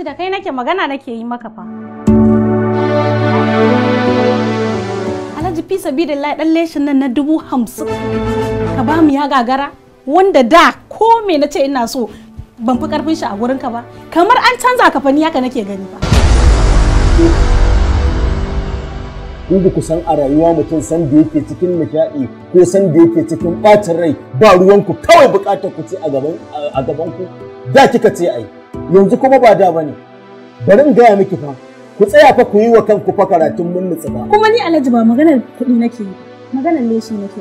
ji da kai nake magana nake yi maka fa. Alhaji fi sabidillahi dan leshin nan na dubu hamsin ka ba mu ya gagara wanda da ko me na ce ina so ban fi karfin shi a gurin ka ba kamar an canza ka fani haka nake gani ba. in ba ku san a rayuwa mutum san da yake cikin nishaɗi ko san da yake cikin ɓacin rai ba ruwanku kawai buƙatar ku ce a gaban ku da kika ce ai yanzu kuma ba da bane bari in gaya miki fa ku tsaya fa ku yi wa kanku fa karatun mun ba kuma ni alhaji ba maganar kuɗi nake yi maganar leshi nake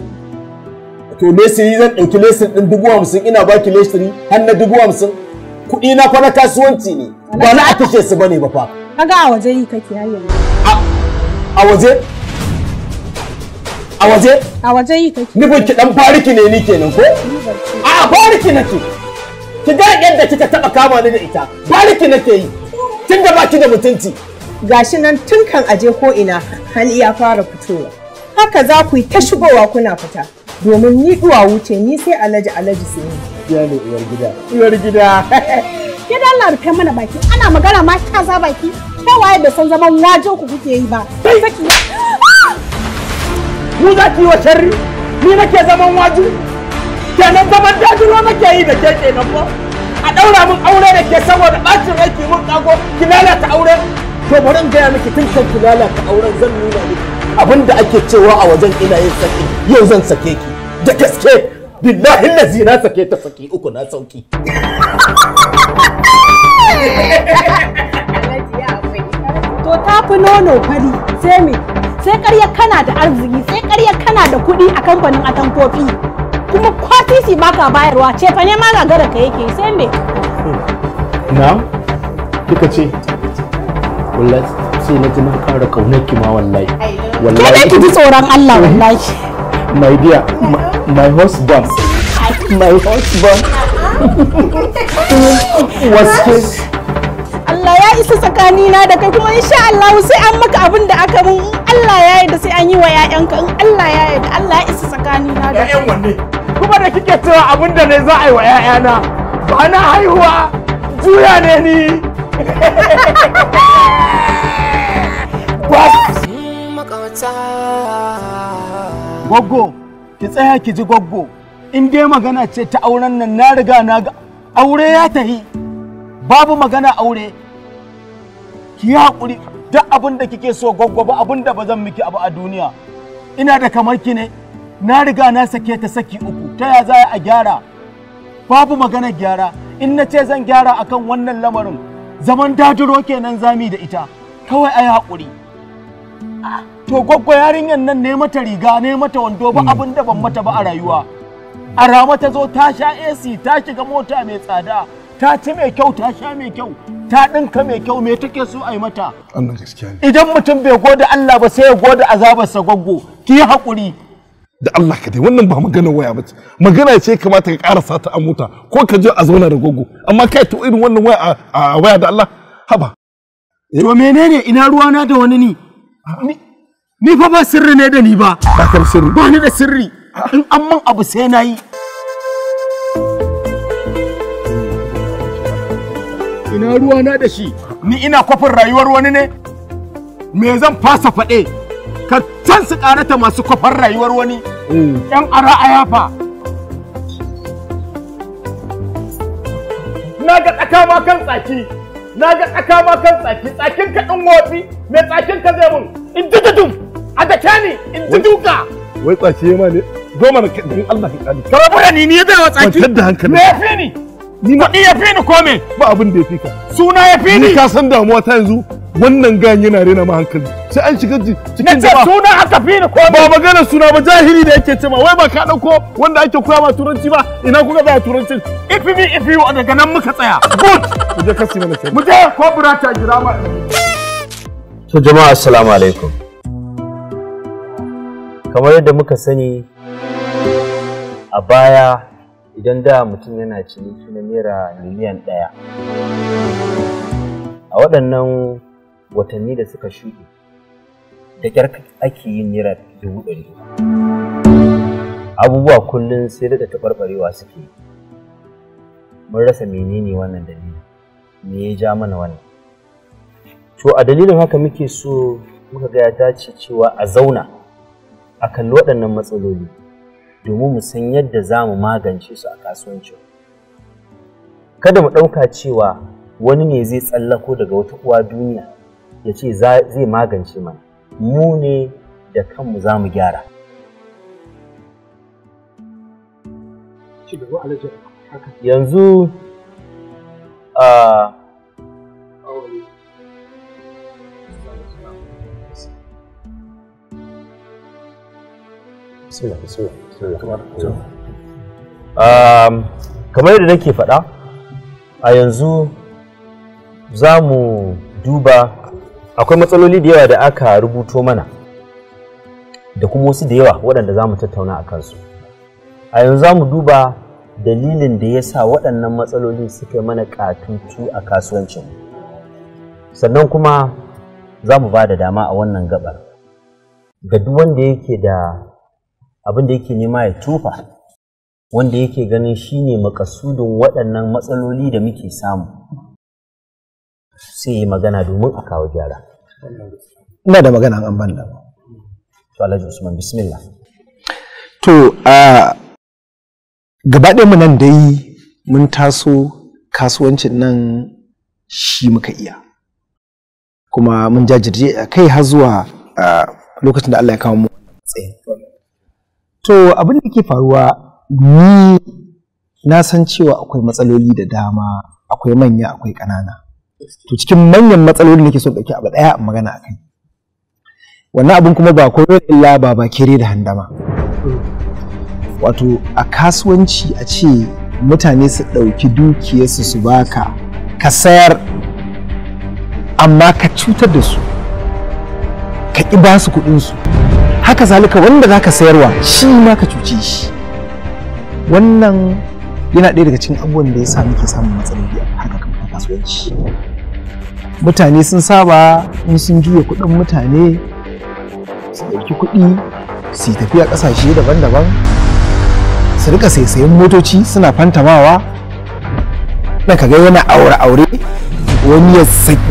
to lesiri zan ɗauki lesin ɗin dubu hamsin ina baki lesiri har na dubu hamsin kuɗi na fa na kasuwanci ne ba na a kashe su bane ba fa kaga a waje yi kake har yanzu a waje a waje a waje yi kake nufin ki dan fariki ne ni kenan ko a fariki nake kiga yadda kika taba kama ni da ita baliki nake yi tun da baki da mutunci gashi nan tun kan aje ko ina hali ya fara fitowa haka za ku yi ta shigowa kuna fita domin ni duwa wuce ni sai alaji alaji sai ni ya ne uwar gida uwar gida ke larfe mana baki ana magana ma ta za baki waye da san zaman wajen ku kuke yi ba mu za ki yi wa sharri ni nake zaman waju kenan zaman dajiro nake yi da ke kenan ko a daura mun aure da ke saboda bacin rai ki mun kago ki lalata aure to bari in ga miki tun kan ki lalata auren zan nuna miki abin da ake cewa a wajen ina yin saki yau zan sake ki da gaske billahi lazi na sake ta saki uku na sauki to ta fi nono fari sai me sai karya kana da arziki sai karya kana da kuɗi a kamfanin atankofi. kuma kwatisi ba ka bayarwa ce fa ne ma gagara ka yake sai me na kika ce wallahi sai na ji na kara kaunar ki ma wallahi wallahi ki ji tsoron Allah wallahi my dear my, husband my husband was Allah ya isa tsakani na da kai kuma insha Allah sai an maka abin da aka mun Allah ya yarda sai an yi wa 'ya'yanka in Allah ya yarda Allah ya isa tsakani na da kai kuma da kike cewa abin da ne za a yi wa 'ya'yana ba na haihuwa juya ne ni Gwaggo, ki tsaya ki ji gwaggo, in dai magana ce ta auren nan na riga na ga aure ya tahi, babu magana aure, ki yi haƙuri duk abin da kike so gwaggo ba abin da ba zan miki abu a duniya, ina da kamar ki ne. na riga na sake ta saki uku ta ya za a gyara babu magana gyara in na ce zan gyara akan wannan lamarin zaman dajiro kenan zami da ita kawai ai hakuri. to gwaggwa yarinyar nan ne mata riga ne mata wando ba hmm. abin da ban mata ba a rayuwa a rama ta zo ta sha ac ta shiga mota mai tsada ta ci mai kyau ta sha mai kyau ta ɗinka mai kyau me take so a yi mata idan mutum bai gode allah ba sai ya gode azabarsa gwaggo ki haƙuri da Allah ka dai wannan ba magana waya ba magana ce kamata ka karasa ta amuta ko ka je a zauna da gogo amma kai to irin wannan waya a waya da Allah haba eh, to menene ina ruwa na da wani ni ni fa ba sirri ne da ni ba ba kan sirri ba ni da sirri in amma abu sai nayi ina ruwa na da shi ni ina kofin rayuwar wani ne me zan fasa faɗe ka can su karata masu kwafar rayuwar wani ƴan ara a yafa na ga tsaka ma kan tsaki na ga tsaka ma kan tsaki tsakin ka din wofi mai tsakin ka zai mun in ji dudum a da ni in ji duka wai tsaki ma ne goma na kadin Allah ka kani ka rabu ni ni ya zai wa tsaki kwantar da hankali me ya ni ni kuɗi ya fi ni ko me ba abin da ya fi ka suna ya fi ni ka san damuwa ta yanzu wannan gayan yana rena ma hankali sai an shiga cikin ba suna aka fi ni ko ba magana suna ba jahili da yake cewa wai ba ka dauko wanda ake koya ma turanci ba ina kuka ba turanci if me if you daga nan muka tsaya good mu je kasi mana mu je ko ta jira ma to jama'a assalamu alaikum kamar yadda muka sani a baya idan da mutum yana ciniki na naira miliyan ɗaya a waɗannan watanni da suka shuɗe da kyar ake yin nira dubu ɗari abubuwa kullum sai da da taɓarɓarewa suke mun rasa menene wannan dalilin, me ya ja mana wannan to a dalilin haka muke so muka ga ya dace cewa a zauna a kalli waɗannan matsaloli domin mu san yadda za mu magance su a kasuwanci. kada mu ɗauka cewa wani ne zai tsallako daga wata uwa duniya ya ce zai magance mana mu ne da kanmu za mu gyara yanzu a kamar yadda nake faɗa a yanzu za mu duba akwai matsaloli da yawa da aka rubuto mana da kuma wasu da yawa waɗanda za mu tattauna a kansu a yanzu za mu duba dalilin da ya sa waɗannan matsaloli suka yi mana katutu a kasuwancin sannan kuma za mu ba da dama a wannan gabar ga duk wanda yake da abin da yake nema ya tufa wanda yake ganin shine makasudin waɗannan matsaloli da muke samu sai yi magana domin a kawo gyara ina da magana an ban da to Alhaji Usman bismillah to a gaba mu nan dai mun taso kasuwancin nan shi muka iya kuma mun jajirje a kai har zuwa lokacin da Allah ya kawo mu to abin da ke faruwa ni na san cewa akwai matsaloli da dama akwai manya akwai ƙanana to cikin manyan matsaloli ke so dauki abu daya magana kai, wannan abun kuma ba komai illa ba ba kere da handama wato a kasuwanci a ce mutane su ɗauki dukiyarsu su baka ka sayar amma ka cutar da su ka ƙi ba su kuɗinsu haka zalika wanda za ka sayarwa shi ma ka cuce shi wannan yana ɗaya daga cikin abubuwan da ya sa muke samun matsaloli a harkar kasuwanci mutane sun saba in sun juya kuɗin mutane su ɗauki kuɗi su tafiya ƙasashe daban-daban su rika saisayen motoci suna fantamawa na kaga yana aure-aure wani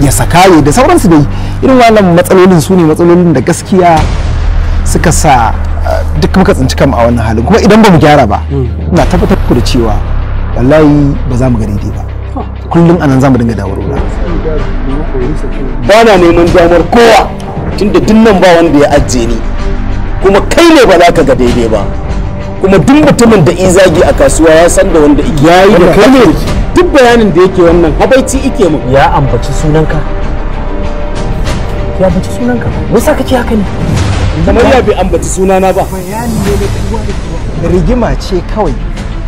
ya sakaye da sauransu dai irin wannan matsalolin su ne matsalolin da gaskiya suka sa eh, duk muka tsinci kanmu a wannan halin kuma idan ba mu gyara ba hmm. ina tabbatar ku da cewa wallahi ba za mu ga dai ba kullum anan za mu dinga dawo ba na neman damar kowa tunda dinnan ba wanda ya ajiye ni kuma kai ne ba za ka ga daidai ba kuma duk mutumin da izagi a kasuwa ya san da wanda ya yi da kai ne duk bayanin da yake wannan habaici ike mu ya ambaci sunanka ya ambaci sunanka sa kace haka ne kamar ya bai ambaci sunana ba bayani ne da rigima ce kawai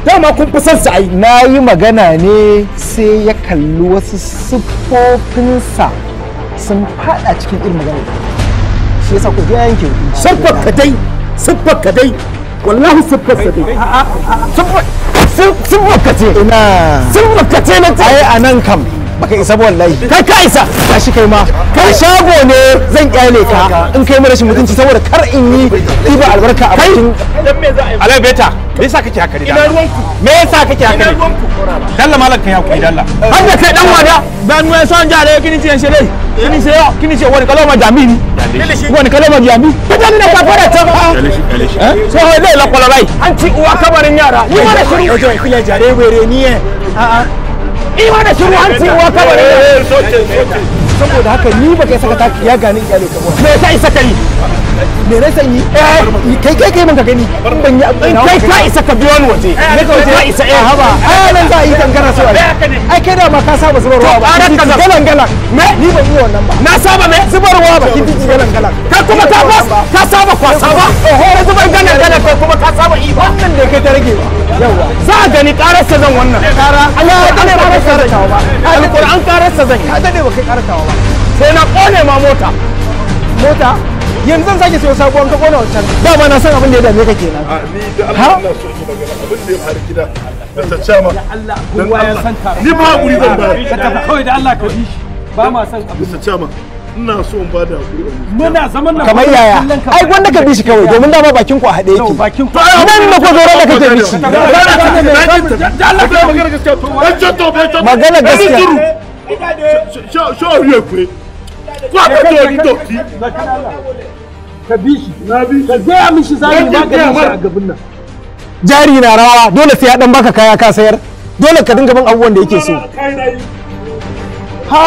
dama kun fi son sa na yi magana ne sai ya kalli wasu siffofinsa sun fada cikin irin magana shi yasa ku ga yanke hukunci siffar ka dai siffar ka dai wallahi siffar ka dai siffar ka ce ina siffar ka ce na ta ai anan kam baka isa ba wallahi kai ka isa shi kai ma kai shago ne zan kyale ka in kai mara shi mutunci saboda kar in yi b'a albarka a bakin dan me za a yi alai beta me yasa kake haka ina ruwanku me yasa kake haka ina ruwanku dalla malam ya hakuri dalla har da kai dan wada ban mu son jare kini shi dai kini ce yo kini ce wani jami ni wani kalama jami dan ne ka fara ta ba so ho dai la kwalarai an ci uwa kabarin yara ni ma da shiru jare were ni eh a'a ima da shiru an tsiwa kabarin saboda haka ni ba kai saka taki ya gani iyalai kabuwa me ta isa yi. me na sanyi eh, kai kai kai mun gani ban yi kai ka isa ka biyo ni waje ne ka waje isa eh haba eh, ai eh, nan za a yi kankara so ai kai da ma ka saba zubar ruwa ba galan galan me ni ban yi wannan ba na saba me zubar ruwa ba kin ji galan galan ka kuma ta ba ka saba kwasa ba eh zubar galan galan kuma ka saba yi wannan da kai ta rage ba yawa za a gani kararsa zan wannan kara Allah ya kare ba ba alquran zan ka dade ba kai kararsa ba sai na kone ma mota mota yanzu zan sake sayo sabuwan ka kona wancan ma na san abin da ya dame ka kenan a ni da Allah ina so ki magana abin da ya faru gida da ta cama da Allah kowa ya san ta ni ba hakuri zan ba ka tafi kawai da Allah ka bi shi ba ma san abin da ta cama ina so in ba da hakuri muna zaman nan kamar yaya ai wanda ka bi shi kawai domin dama bakin ku a hade yake bakin ku nan ne ko zoro da kake bi shi magana gaskiya to magana gaskiya sha sha riye kure ko ka to ni to ka bi shi na bi ka gaya mishi ba ka a gaban nan jari na rawa dole sai ya dan baka kaya ka sayar dole ka dinga bin abubuwan da yake so ha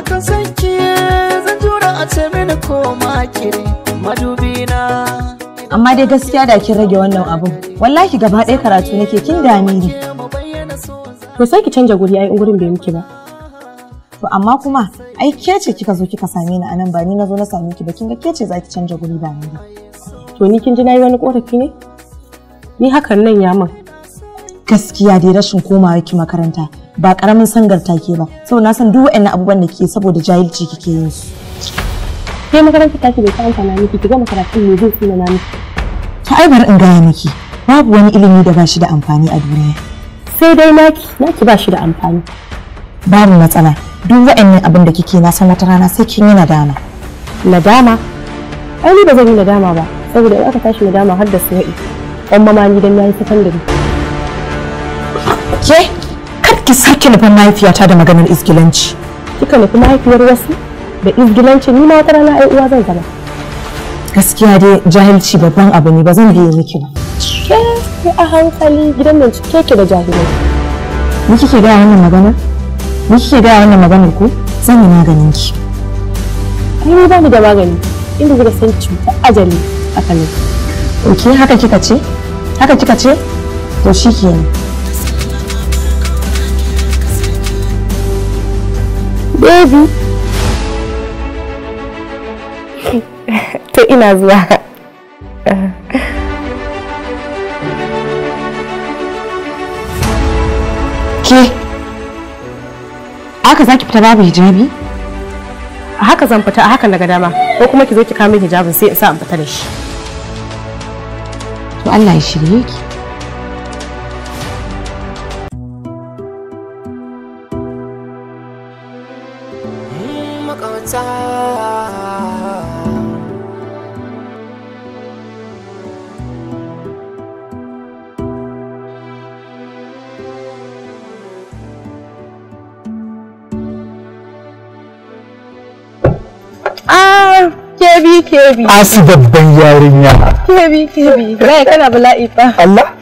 akan sanki zan jura a ce mini ko makiri madubi na amma dai gaskiya da kin rage wannan abun wallahi gaba ɗaya karatu nake kin dame ni to sai ki canja guri ai in gurin bai miki ba to amma kuma ai ke ce kika zo kika same ni anan ba ni na zo na same ki ba kin ga ke ce zaki canja guri ba ni to ni kin ji nayi wani korafi ne ni hakan nan ya min gaskiya dai rashin komawa ki makaranta ba karamin ta ke ba saboda na san duk waɗannan abubuwan da ke saboda jahilci kike yin su Ke makaranta ta ki bai ta amfana miki ki gama karatun ne zai tsina miki Ta ai bari in gaya miki babu wani ilimi da ba da amfani a duniya sai dai naki naki ba da amfani babu matsala duk wa'annan abin da kike na wata rana sai kin yi nadama nadama ai ni ba zan yi nadama ba saboda in aka tashi nadama har da sai dan mama ni dan yayi sakandare ke kar ki sake nufin mahaifiyata da maganar isgilanci kika nufi mahaifiyar wasu da isgilanci ni ma wata rana ai uwa zan zama gaskiya dai jahilci babban abu ne ba zan biye miki ba ke a hankali gidan nan cike ke da jahilci. ni kike ga wannan magana Ni kike gaya wannan maganar ku? Zan yi maganin ki. Ai ni bani da magani. Inda kika san cutar ajali a kanu. Ok haka kika ce? Haka kika ce? To shi ke ne. Baby. to ina zuwa. haka zaki fita babu hijabi a haka zan fita a haka na dama ko kuma ki zo ki kawo hijabin sai in sa in fita da shi to Allah ya shirye ki kebi asu babban yarinya kebi kebi bai kana bala'i fa Allah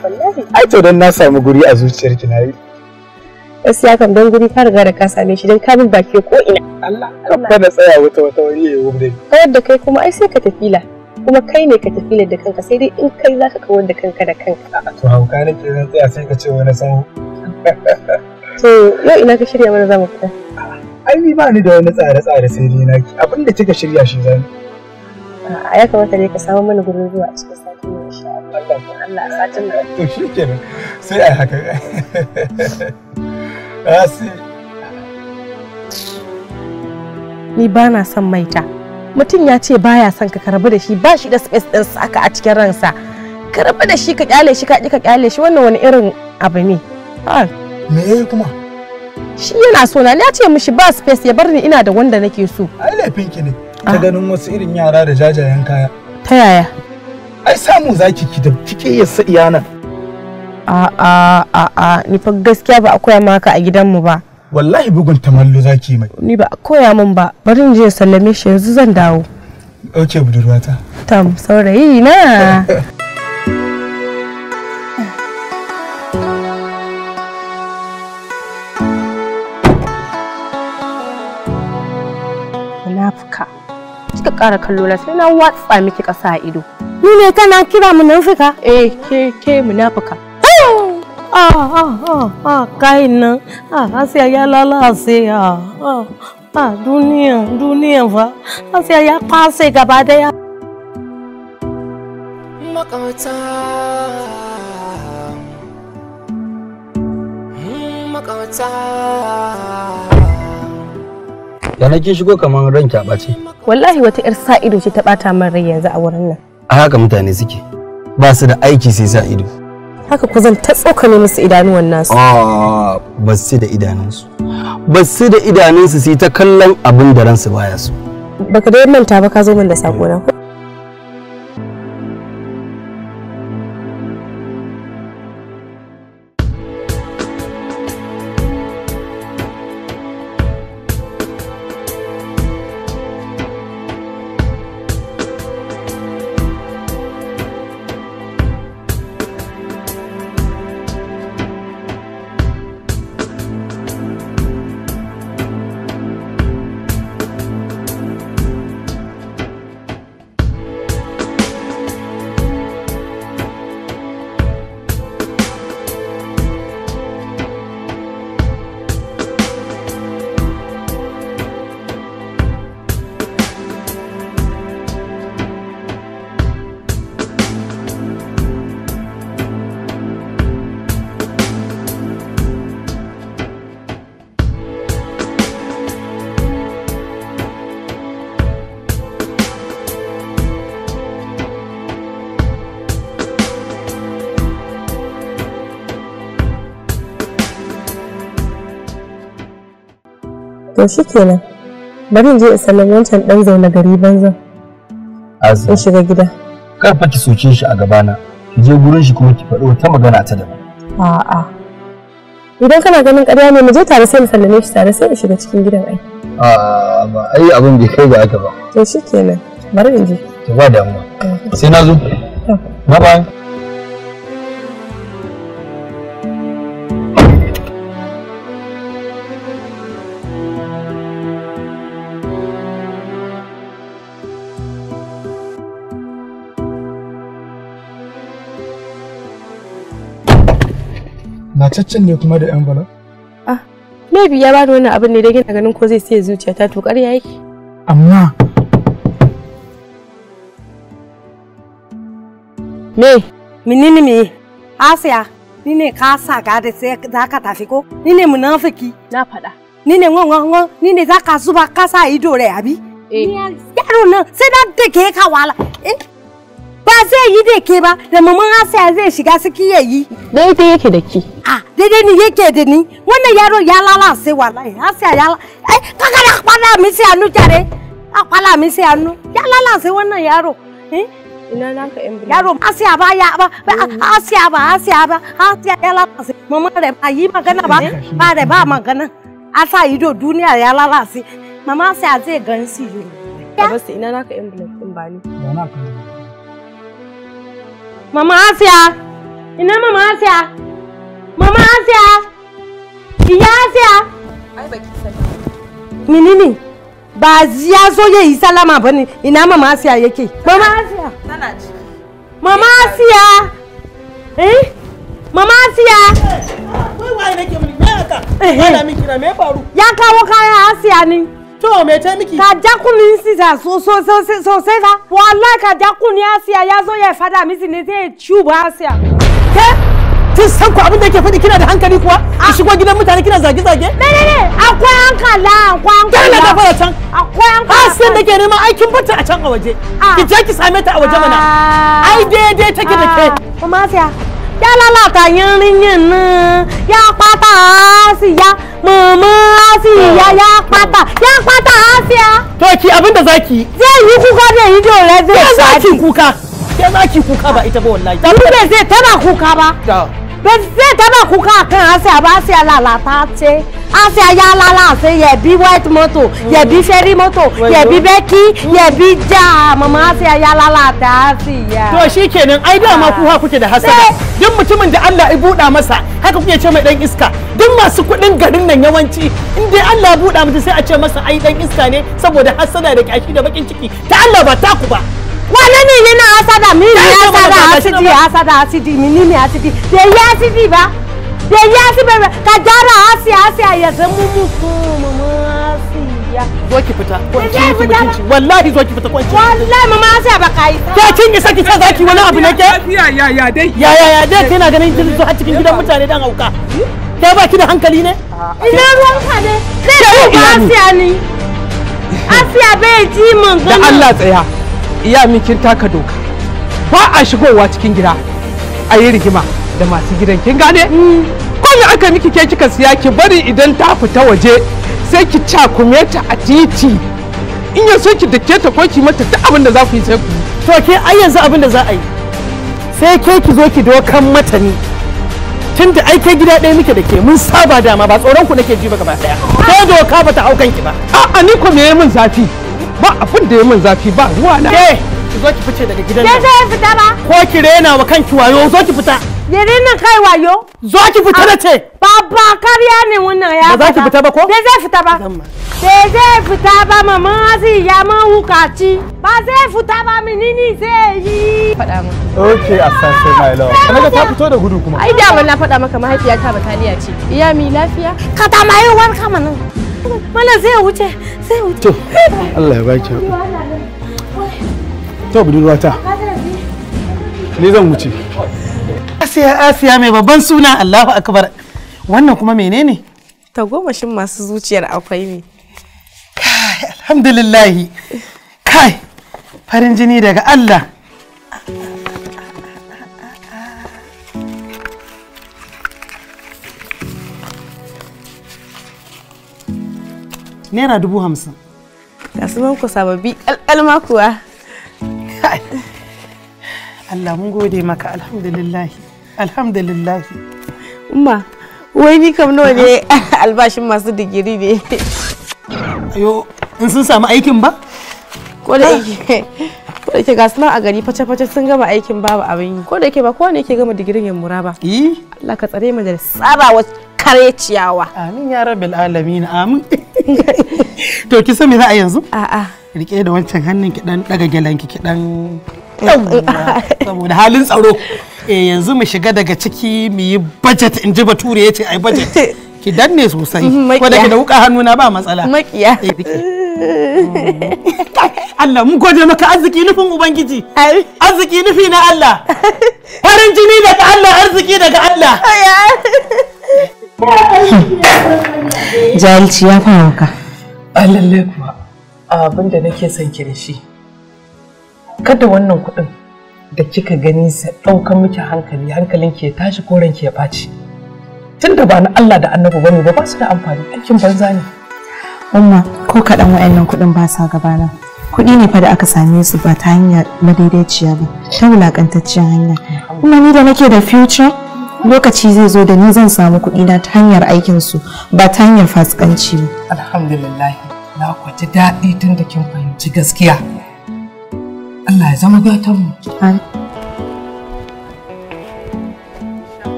ai to dan na samu guri a zuciyar ki nayi ya kan dan guri ka riga da ka same shi dan ka bin baki ko ina Allah ka na tsaya wata wata wani yayi wuri kawar da kai kuma ai sai ka tafila kuma kai ne ka tafi da kanka sai dai in kai za ka kawar da kanka da kanka. To hauka ne ke zan tsaya sai ka ce wani sahu. To yau ina ka shirya mana zamu fita. Ai ni ba ni da wani tsare-tsare sai dai naki abin da kika shirya shi zan. a ya kamata dai ka samu mana gurin zuwa a cikin sati ne Allah a satin da to shikenan sai a haka asi ah, ni ba na son maita mutum ya ce baya son ka karbi da shi ba shi da space din saka a cikin ransa rabu da shi ka kyale shi ka ki ka kyale shi wannan wani irin abu ne me yayi kuma shi yana so na Ya ce mishi ba space ya bar ni ina da wanda nake so ai laifin ki ne ta ah. ganin wasu irin yara da jajayen kaya ta yaya ai samu zaki ki da kike ya sa iyana a a a a ni fa gaskiya ba a koya maka a gidanmu ba wallahi bugun tamallo zaki mai ni ba a koya min ba bari in je sallame shi yanzu zan dawo ok budurwata tam saurayi na kara kallo na sai na watsa miki kasa a ido. Ni ne kana kira fuka. Eh ke ke munafika. Ah ah ah ah kain nan ah, ah sai ya lalace ah ah duniya duniya fa ah, sai ya kwase gaba ya. Makata. Makata. Mm, da na shigo kamar ran a ɓace. Wallahi wata 'yar sa ido ce ta ɓata man rai yanzu a wurin nan. A haka mutane suke ba su da aiki sai sa ido. Haka ku zan ta tsokane musu idanuwan nasu. Ah, ba su da idanunsu. Ba su da idanunsu sai ta kallon abin da ransu baya su. Baka da manta ba ka zo min da sako na. to shi kenan bari in je in sallan wancan ɗan zaune gari banzan in shiga gida kar fa ki soke shi a gabana ki je gurin shi kuma ki faɗo ta magana ta daban a'a idan kana ganin ƙarya ne mu je tare sai mu sallame shi tare sai in shiga cikin gidan ai a'a ba ai abin bai kai ga haka ba to shi kenan bari in je ki ba damuwa eh. sai na zo bye bye mataccen ne kuma da envelope? Ah, maybe ya bada wannan abin ne da gina ganin ko zai siya ta to ƙarya yake. Amma Me? Menene me? Asiya, ni ne ka sa ka da sai za ka tafi ko? Ni ne munafiki. Na faɗa. Ni ne ngon ngon ngon, ni ne za ka zuba ka sa ido rai abi? Eh. Yaro nan sai na take ka wala. Eh. ba zai yi da ke ba da maman Asiya zai shiga siki ya yi. Daidai yake da ki. A daidai ni yake da ni wannan yaro ya lalace wallahi Asiya ya ai eh, kaga da kwala mi sai hannu tare a kwala mi sai hannu ya lalace wannan yaro. Eh? Ina naka yan biyu. Yaro Asiya ba ya ba Asiya ba Asiya ba Asiya ya lalace maman da ba yi magana ba ba da ba magana. Asa ido duniya ya lalace mama Asiya zai gan si ba Abasta ina naka envelope din ba ni. Ba naka. Mama Asia! Ina Mama Asia! Mama Asia! Iya Asia! Ai baki Ba ya zo ya yi salama ba ne. Ina Mama Asia yake? Mama Asia! Mama Asia! Eh? Mama Asia! Wai waye nake mun me haka? Eh, eh. Ana min kira me faru? Ya kawo kaya Asiya ne. To me ta miki? Ka ja kunin sisa sosai fa. Wallahi ka ja kunin Asiya ya zo ya fada misi ne zai cuba Asiya. Ke? kin san ku abin da yake fadi kina da hankali kuwa ki ah. shigo gidan mutane kina zage zage ne ne ne akwai hankala akwai hankala kana da fara can akwai hankala asin ah, da ke nema ai kin bata a can a waje ah. ki je ki same ta a waje mana ai daidai take da ke kuma asiya. yálálàtà yánríyàn náà yá pátá á sì yá mọ̀mọ́ ya sì yá yá pátá yá pátá á sì yá. to ki abin da zaki zai yi kuka da yi da rẹ zai sati kuka ke zaki kuka ba ita ba wallahi ta zai tana kuka ba zai tana kuka kan asiya ba asiya lalata ce asiya ya lalace yabi white moto mm. yabi ferry moto bi beki bi ja mama asiya ya lalata asiya to shikenan ai da ma ha ah. kuke da hasada eh. duk mutumin da Allah ya buɗa masa haka kuke ce mai dan iska duk masu kuɗin garin nan yawanci in dai Allah ya buɗa mutum sai a ce masa ai dan iska ne saboda hasada da kyashi da bakin ciki ta Allah ba taku ba wannan ne na asada mi ne asada asidi asada asidi mi ni mi asidi da yi asidi ba yi asidi ka jara asi asi a yanzu mu mu ku mu mu asiya zo ki fita ko ki yi mutunci wallahi zo ki fita ko ki wallahi mama asiya ba kai ke kin isa ki ce abu ne ke ya ya ganin gidan ki da hankali ne ina ne ne asiya asiya bai ji da Allah tsaya iya kin taka doka ba a shigowa cikin gida a yi rigima da masu gidan kin gane mm. ko me aka miki ke kika siya ki bari idan ta fita waje sai ki cakume ta a titi in ya so ki dake ta ko ki mata duk abin da za ku yi sai ku to ke ai yanzu abin da za a yi sai ke ki zo ki dokan mata ne tun da ai gida ɗaya muke da ke mun saba dama ba tsoron ku nake ji ba gaba daya. ko doka ba ta haukan ki ba a'a ni ko me mun zafi abin da ya min zafi ba ruwa na ke zo ki fice daga gidan nan ke zai fita ba ko ki rena wa kanki wayo zo ki fita ya rena kai wayo zo ki fita da ah, ce baba kariya ne wannan ya ba za ki fita ba ko ke zai fita ba ke zai fita ba mama zai ya ma hukaci ba zai fita ba minini zai yi faɗa mu okay assassin my love ga ta fito da gudu kuma ai da wannan faɗa maka mahaifiya ta bataliya ce iya mi lafiya ka ta mai warka mana. Mana zai wuce, zai wuce. To, Allah ya baki. To, ta Ni zan wuce. Asiya Asiya mai babban suna Allahu Akbar. Wannan kuma menene? Tagomashin masu zuciyar akwai ne. Kai, Kai, farin jini daga Allah. Naira dubu hamsin. Ga su ku sababi alƙalma kuwa. Allah mun gode maka alhamdulillah. Alhamdulillah. Umma wai ni kam nawa ne albashin masu digiri ne. Ayo in sun samu aikin ba? Ko da yake ko da yake ga suna a gari face-face sun gama aikin babu abin yi ko da yake ba kowa ne yake gama digirin ya mura ba. Allah ka tsare mu da tsarawa kare ciyawa. Amin ya rabbil alamin amin. to ki san me za a yanzu a'a rike da wancan hannun ki dan daga gelan ki ki dan saboda halin tsaro eh yanzu mu shiga daga ciki mu yi budget in ji bature yace ai budget ki danne sosai ko da ki da wuka hannuna ba matsala makiya eh, Allah mun gode maka arziki nufin ubangiji arziki nufi na Allah farin jini daga Allah arziki daga Allah Jalci ya fa hauka. A lalle kuwa abin da nake son ki da shi. Kada wannan kuɗin da kika gani sa ɗaukar miki hankali hankalin ki ya tashi ko ranki ya ɓaci. Tunda ba na Allah da annabi bane ba ba su da amfani aikin banza ne. Umma ko kaɗan wa'annan kuɗin ba sa gabana. kuɗi ne fa da aka same su ba ta hanya madaidaiciya ba ta wulaƙantacciyar hanya. Kuma ni da nake da future lokaci zai zo da ni zan samu kuɗi na ta hanyar aikin su ba ta hanyar fasikanci ba alhamdulillah na kwaji daɗi tun da kin fahimci gaskiya Allah ya zama gatan mu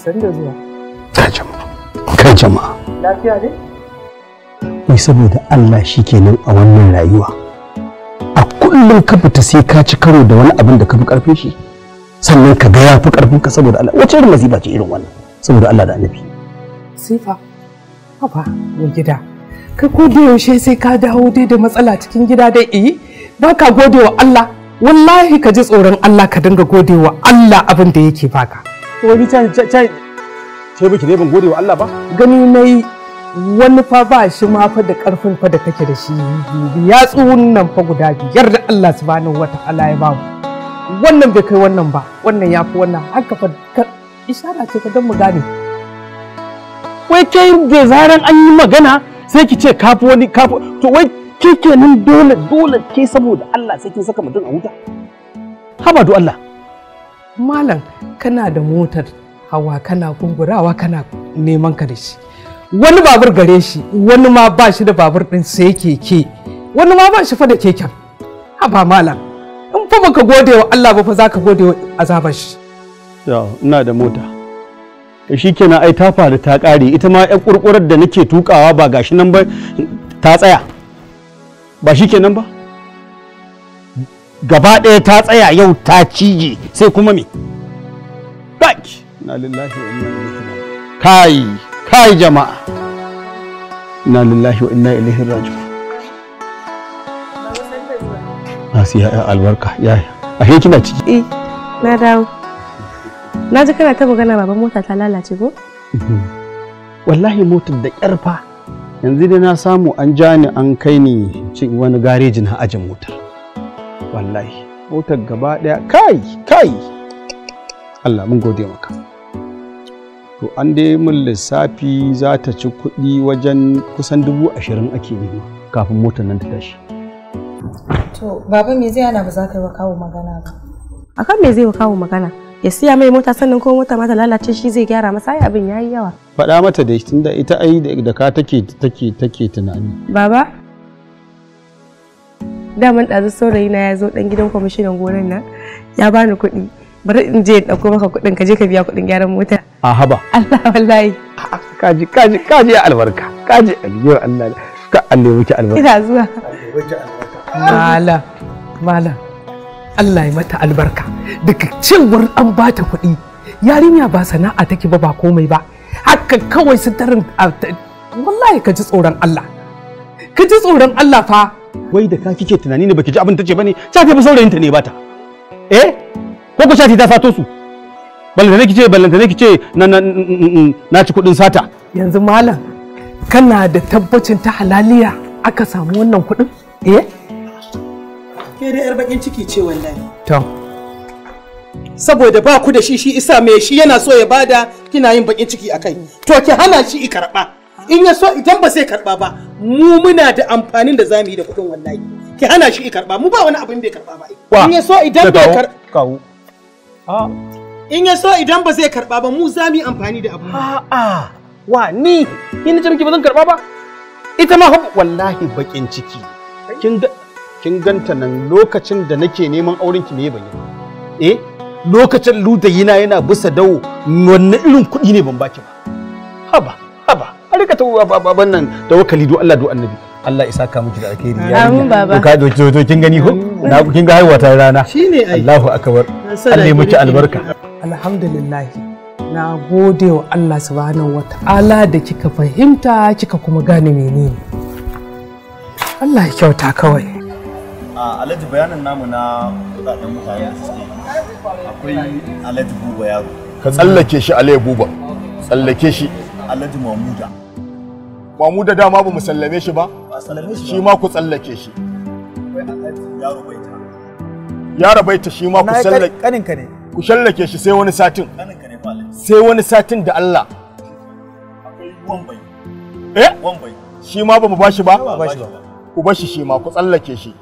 sanda zuwa ta jama'a kai jama'a lafiya ne Ni saboda Allah shikenan a wannan rayuwa a kullum ka fita sai ka ci karo da wani abin da ka fi karfin shi sannan ka ga ya fi karfin ka saboda Allah wace irin maziba ce irin wannan saboda Allah da annabi sifa haba mu gida ka ko da yaushe sai ka dawo dai da matsala cikin gida dai eh baka godewa Allah wallahi ka ji tsoron Allah ka dinga godewa Allah abin da yake baka to ni can can ce biki ne ban godewa Allah ba gani nayi wani fa ba shi ma fa da karfin fa da kake da shi ya tsuhun nan fa guda biyar da Allah subhanahu wata'ala ya bamu wannan bai kai wannan ba wannan ya fi wannan haka fa isara ce ka don mu gane wai kai da zaran an yi magana sai ki ce kafi wani kafi to wai ke kenan dole dole ke saboda Allah sai kin saka mutum a wuta haba do Allah malam kana da motar hawa kana gungurawa kana neman ka da shi wani babur gare shi wani ma ba shi da babur ɗin sai keke wani ma ba shi fa da keken haba malam in fa baka gode wa Allah ba fa zaka gode wa azabar shi ina da mota shi shikenan ai ta faru ta ƙare ita ma ƴan ƙurƙurar da nake tukawa ba gashi nan ba ta tsaya ba shi ba gaba ɗaya ta tsaya yau ta cije sai kuma me baki na lillahi wa inna ilaihi kai kai jama'a Na lillahi wa inna ilaihi raji'un siya ya albarka yaya he kina ciki eh na dawo na ji kana ta magana baban mota ta lalace ko mhm. wallahi motar da kyarfa. yanzu dai na samu an ja ni an kai ni cin wani garejin na ajin motar wallahi motar gaba daya kai kai Allah mun gode maka to an dai mun lissafi za ta ci kuɗi wajen kusan dubu ashirin ake nema kafin motar nan ta tashi to baba me zai hana ba za ka yi wa kawo magana ba A kan me zai wa kawo magana ya siya mai mota sannan ko mota mata lalace shi zai gyara masa ai abin yayi yawa faɗa mata dai tunda ita ai da ka take take take tunani baba daman ɗazu saurayi na ya zo ɗan gidan kwamishinan gonan nan ya bani kuɗi bari in je dauko maka kuɗin ka je ka biya kuɗin gyaran mota a haba Allah wallahi kaji kaji kaji albarka kaji aliyar Allah ka Allah wuce albarka ina zuwa mala mala Allah ya mata albarka daga cewar an bata kuɗi yarinya ba sana'a take ba ba komai ba haka kawai su tarin wallahi ka ji tsoron Allah ka ji tsoron Allah fa wai da ka kike tunani ne baki ji abin ce bane ta ba saurayin ta ne bata eh ko ku shati ta sato su ballantane ki ce ballantane ki ce na na na ci kudin sata yanzu malam kana da tabbacin ta halaliya aka samu wannan kuɗin eh ke da yar bakin ciki ce wallahi to saboda ba ku da shi shi isa mai shi yana so ya bada kina yin bakin ciki akai to ki hana shi i karba in ya so idan ba sai karba ba mu muna da amfanin da zamu yi da kuɗin wallahi ki hana shi i karba mu ba wani abin ya karba ba in ya so idan bai karba Ah. In ya so idan ba zai karba ba mu za mu yi amfani da abu. A'a wa ni in na miki ba zan karba ba. Ita ma wallahi bakin ciki. Kin ganta nan lokacin da nake neman auren ki me ban yi Eh lokacin ludayina yana bisa dawo wanne irin kuɗi ne ban baki ba. Haba haba a rika ta nan da wakali do Allah do annabi. Allah isa ka miki da alkhairi ya yi baba ka doki to kin gani ko na kin ga haihuwa ta rana shine ai Allahu akbar Allah ya miki albarka alhamdulillah na gode wa Allah subhanahu wata'ala da kika fahimta kika kuma gane menene Allah ya kyauta kawai a alhaji bayanin namu na kudaden mutane akwai alhaji buba yaro ka tsallake shi alhaji buba tsallake shi alhaji mamuda ba mu da dama ba mu sallame shi ba shi ma ku tsallake shi ya rabaita shi ma ku sallake ku shallake shi sai wani satin sai wani satin da Allah eh shi ma ba mu bashi ba ku bashi shi ma ku tsallake shi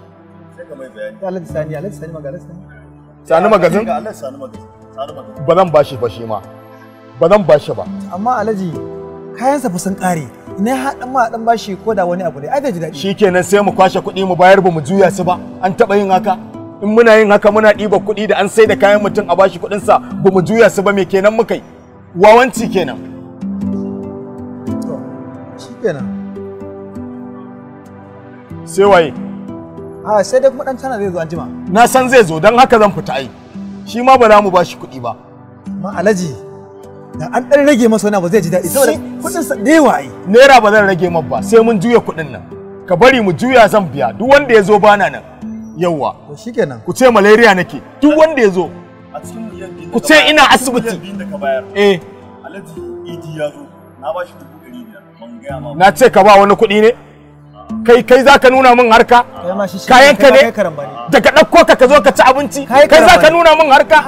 sani magazin ba zan bashi ba shi ma ba zan bashi ba amma alaji kayansa fa sun ƙare na haɗin ma dan bashi ko da wani abu ne ai da ji daɗi shikenan sai mu kwashe kuɗi mu bayar ba mu juya su ba an taɓa yin haka in muna yin haka muna ɗiba kuɗi da an sai da kayan mutum a bashi kuɗinsa ba mu juya su ba me kenan muka yi wawanci kenan shikenan sai waye a sai dai kuma dan tana zai zo anjima na san zai zo don haka zan fita ai shi ma ba za mu bashi kuɗi ba ma alaji an dan rage masa wani ba zai ji daɗi saboda kuɗin sa da yawa ai naira ba zan rage mabba ba sai mun juya kuɗin nan ka bari mu juya zan biya duk wanda ya zo bana nan yawa to shikenan ku ce malaria nake duk wanda ya zo ku ce ina asibiti eh alhaji idi ya zo na ba shi dubu ɗari biyar ma na ce ka ba wani kuɗi ne kai kai zaka nuna min harka kayan ka ne daga ɗauko ka ka zo ka ci abinci kai zaka nuna min harka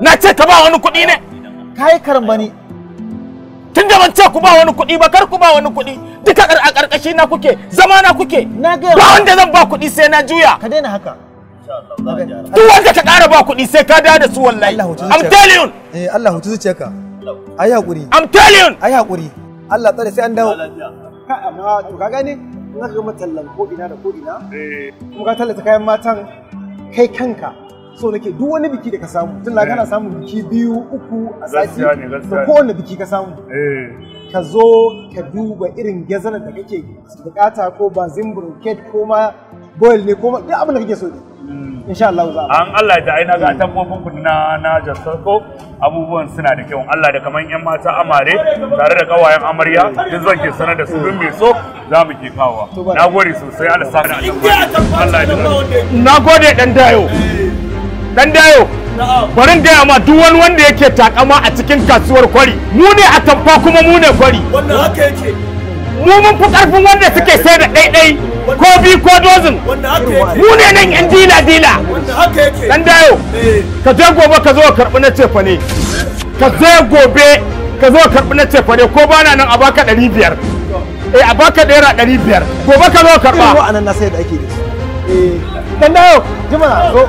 na ce ka ba wani kuɗi ne kai karambani tun da ban ce ku ba wani kuɗi ba kar ku ba wani kuɗi duka a ƙarƙashi na kuke zama na kuke ba wanda zan ba kuɗi sai na juya ka daina haka duk wanda ka ƙara ba kuɗi sai ka da da su wallahi am teliyun eh Allah hutu ka ayi hakuri am teliyun ayi hakuri Allah tsare sai an dawo ka amma to ka gane na ka ga matallan ko ina da ko ina eh. kuma ka tallata kayan matan kai kanka so nake duk wani biki da ka samu tun da kana eh. samun biki biyu uku a sati da kowane biki ka samu eh. ka zo ka duba irin gezanar da kake bukata ko ba zimbro ko ma boil ne ko ma duk abin da kake so ne hmm. insha Allah za an Allah da aina ga hmm. tabbobin ku na na ko abubuwan suna da kyau Allah da kaman yan mata amare tare da kawayen amarya duk zan ke sanar da su bin mai so za mu ke kawowa nagode sosai Allah sa da Allah Allah ya nagode dan dayo dan dayo barin gaya ma duk wani wanda yake takama a cikin kasuwar kwari mu ne a tamfa kuma mu ne kwari wannan haka yake mu mun fi karfin wanda suke sai da ɗaiɗai ko bi ko dozin mu ne nan yan dila dila dan dayo eh. ka je gobe ka zo karɓi na cefa ne ka je gobe ka zo karɓi na cefa ne ko bana nan a baka ɗari biyar eh a baka naira ɗari biyar gobe ka zo karɓa. Irin wa'annan na sai da ake da su. Dan dayo jima zo.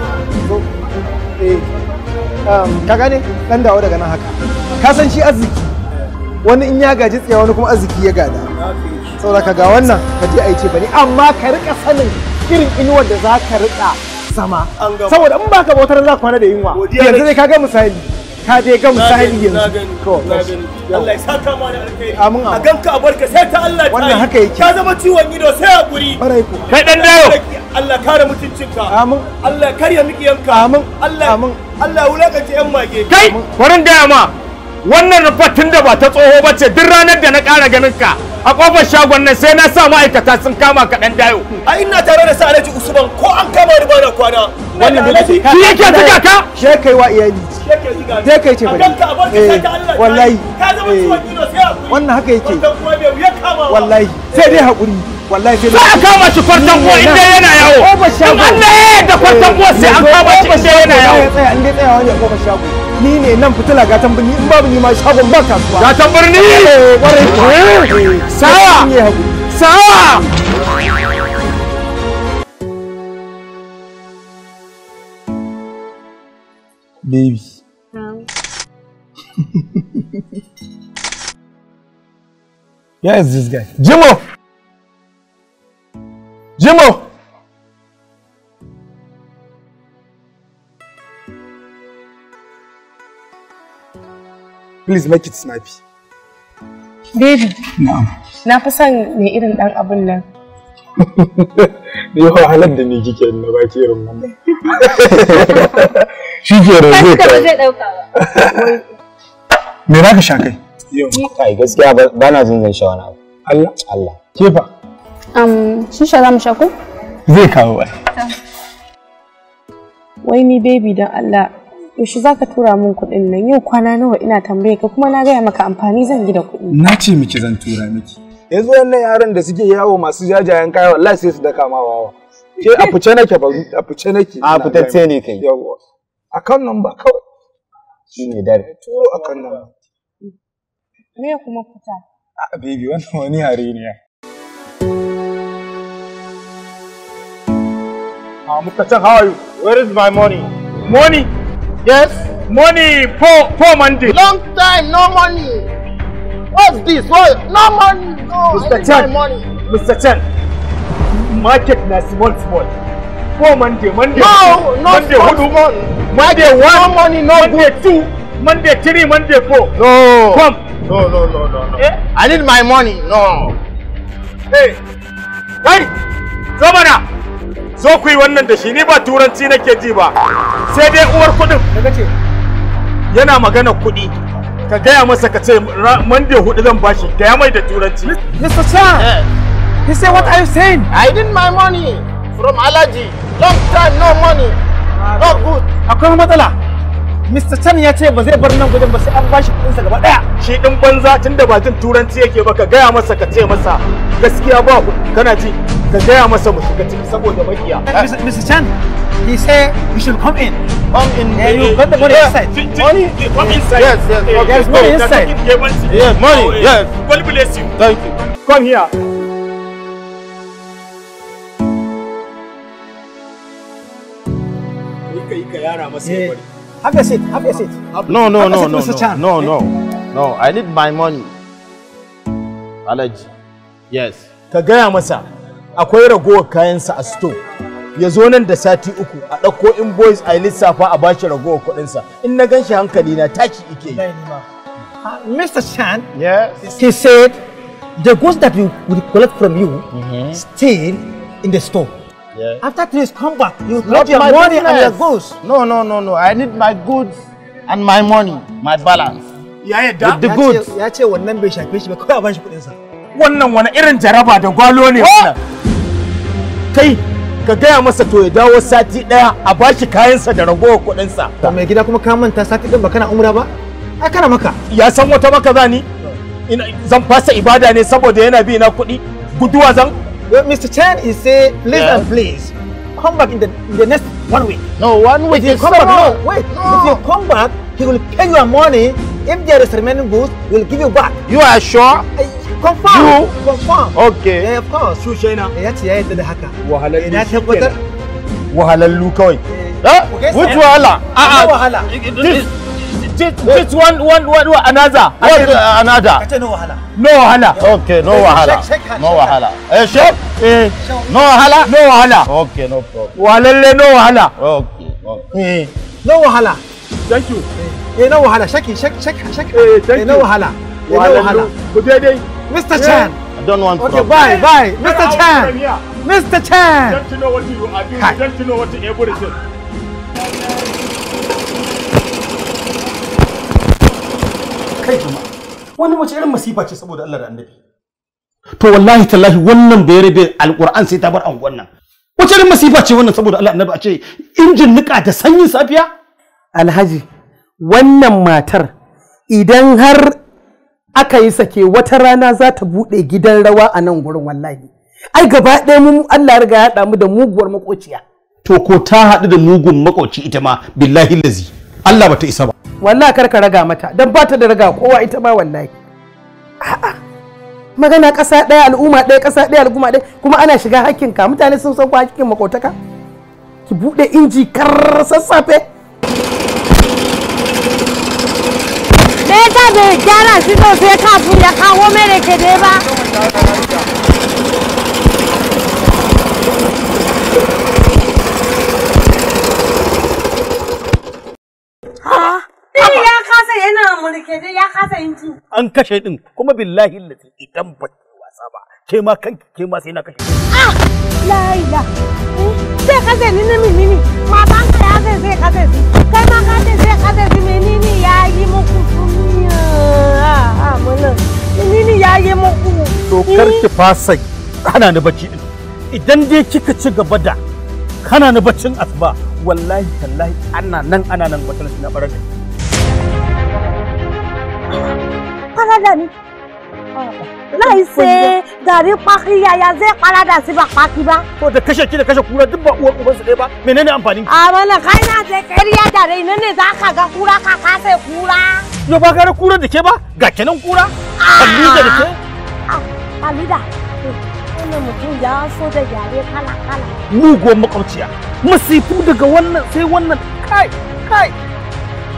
E, ka gane dan dawo daga nan haka ka san shi arziki wani in ya gaji tsaye wani kuma arziki ya gada saboda ka ga wannan ka je a yi ce amma ka rika sanin irin inuwar da za ka rika sama. saboda in baka bautar za ka kwana da yunwa yanzu dai ka ga misali ka dai ga misali yanzu to Allah ya saka mana da alkai amin a ganka a barka sai ta Allah ta wannan haka yake ka zama ciwon ido sai hakuri barai ku kai dan dayo Allah kare mutuncinka amin Allah karya mikiyanka amin Allah amin Allah wulaka wulakanta yan mage kai warin dama wannan rufatun da ba ta tsoho ba ce duk ranar da na ƙara ganin ka a ƙofar shagon nan sai na sa ma'aikata sun kama ka dan dayo a ina tare da sa alhaji usman ko an kama ni bana kwana wannan alhaji shi yake tuka ka shi kai wa iyali zai kai ce bari eh, wallahi eh, wannan haka yake wallahi sai dai hakuri wallahi sai sai a kama shi kwartan ko inda yana yawo in Allah ya yarda kwartan ko sai an kama shi inda yana yawo tsaya inda tsayawa ne kofar shago ni ne nan fitila gatan birni in babu ni ma shagon ba kasuwa gatan birni kwarai eh, eh, sawa sawa baby Where is this guy? Jimo! Jimo! please make it snappy baby na'am na fi son me irin dan abun nan ni halar da ni kike ba baki irin wannan shi ke rage ka ba zai dauka ba me za ka sha kai kai gaskiya ba na jin zan sha wani abu Allah Allah ke fa um shisha za mu sha zai kawo ba. wai ni baby dan Allah yaushe za ka tura min kuɗin nan yau kwana nawa ina tambaye ka kuma na gaya maka amfani zan gida kuɗi. Na ce miki zan tura miki. Yanzu wannan yaran da suke yawo masu jajayen kaya wallahi sai su daka ma wawa. Ke a fice nake ba a fice nake. A fitacce ne kai. A kan nan ba kawai. Shi ne dare. Turo kan nan. Me kuma fita? A baby wannan wani yare ne ya. Ah, Mukachan, how are you? Where is my money? Money! Yes? Money, poor, poor Monday. Long time, no money. What's this? What? No money, no. Mr. Chen, money. Mr. Chen, market na small, small. Poor Monday, Monday. No, no Monday, Monday one, no money, no Monday good. two, Monday three, Monday four. No. Come. No, no, no, no, no. Eh? I need my money, no. Hey, hey, governor. zo ku yi wannan da shi ni ba turanci nake ji ba sai dai uwar kuɗin yana magana kudi ka gaya masa ka ce mande hudu zan bashi gaya mai da turanci mr sir he said what are you saying i need my money from allergy long time no money ah, no good akwai matsala Mr. Chan ya ce ba zai bar nan gudun ba sai an bashi kudin sa gaba daya. Shi din banza tunda ba jin turanci yake ba ka gaya masa ka ce masa gaskiya ba ku kana ji ka gaya masa mu shiga cikin saboda bakiya. Eh, Mr. Chan he say you should come in. Come in. Yeah, you got the money inside. Money. Come inside. Yes, yes. Okay. money inside. Yes, money. Yes. God bless you. Thank you. Come here. yara Have a seat. Have a seat. No, no, no, no, no, no, no, no. I need my money. Alaji. Yes. Ka gaya masa akwai ragowar kayansa a store. Ya zo nan da sati uku a ɗauko in boys a lissafa a bashi ragowar kuɗinsa. In na ganshi hankali na tashi ike yi. Mr. Chan, yes. he said the goods that we will collect from you mm -hmm. stay in the store. Yeah. After three years, come back. You drop your money business. and your goods. No, no, no, no. I need my goods and my money, my balance. Yeah, yeah, With the goods. Ya ce wannan bai shafe shi ba, kawai a bashi kuɗinsa. Wannan wani irin jaraba da gwalo ne wannan. Kai, ka gaya masa to ya dawo sati ɗaya a bashi kayansa da ragowar kuɗinsa. To mai gida kuma ka manta sati ɗin ba kana umra ba? Ai kana maka. Ya san wata maka za ni? Zan fasa ibada ne saboda yana bi na kuɗi. Guduwa zan Well, Mr. Chen is say, please yeah. and please, come back in the, in the next one week. No, one week if you come so back, no, wait. No. If you come back, he will pay you money. If there is remaining goods, he will give you back. You are sure? I, confirm. You? Confirm. Okay. Yeah, of course. Su shaina. Ya ce ya yadda da haka. Wahalallu shi tabbatar. Wahalallu kawai. Eh? Which wahala? A'a. Ah, ah. ah, wahala. This, this, this one, one, one, another. What another? Kace no wahala. no wahala okay no wahala no wahala eh shek eh no wahala no wahala okay no problem walalle no wahala okay okay eh, no wahala thank you eh no wahala shaki shek shek shek eh no wahala eh, eh, no wahala ku daidai mr chan I don't want okay, problem. Okay, bye, bye. Mr. Chan! Mr. Chan! Don't you know what you are doing? Don't you know what everything? Kai juma. wani wace irin masifa ce saboda Allah da annabi to wallahi tallahi wannan ya rabe alquran sai ta bar an wannan wace irin masifa ce wannan saboda Allah annabi a ce injin nika da sanyin safiya alhaji wannan matar idan har aka yi sake wata rana za ta buɗe gidan rawa a nan gurin wallahi ai gaba ɗaya mun Allah riga ya haɗa mu da muguwar makociya to ko ta haɗu da mugun makoci ita ma billahi lazi Allah bata isa ba wallahi kar ka raga mata dan ba ta da raga kowa ita ma wallahi a'a magana ƙasa ɗaya al'umma ɗaya ƙasa ɗaya al'umma ɗaya kuma ana shiga hakkinka mutane sun san ko hakkin makotaka ki buɗe inji kar sassafe me yasa da gyara shi sosai kafin ya kawo mere dai ba Dai ya kasa yana mulke dai ya kasa yin ci. An kashe din kuma billahi lati idan ba ki wasa ba ke ma kanki ke ma sai na kashe. Ah la ila. Sai eh, kaze ni ne mini ni ma ban ka ya zai zai kaze shi. Kai ma ka zai zai kaze shi mini ni ya yi muku tumiya. Ah ah mana. Mini ni ya yi muku. To ki eh? fasa ana ni bacci din. Idan dai kika ci gaba da kana na baccin asuba wallahi tallahi ana nan ana nan wata na barar da Paradà ni. Láì ṣe gàrí pakiya ya zai parada su ba paki ba. To oh, da kashe ki da kashe kura duk ba uwar uban su ɗaya ba. Menene amfani? A ah, mana na je ƙarya da rai nan ne za ka ga kura ka kasa kura. Yo ba kura da ba? Ga kenan kura? Alida ah! da ke? Ah, Alida. Wannan mutum ya so da yare kala kala. Muguwar makwabciya. Masifu daga wannan sai wannan kai kai.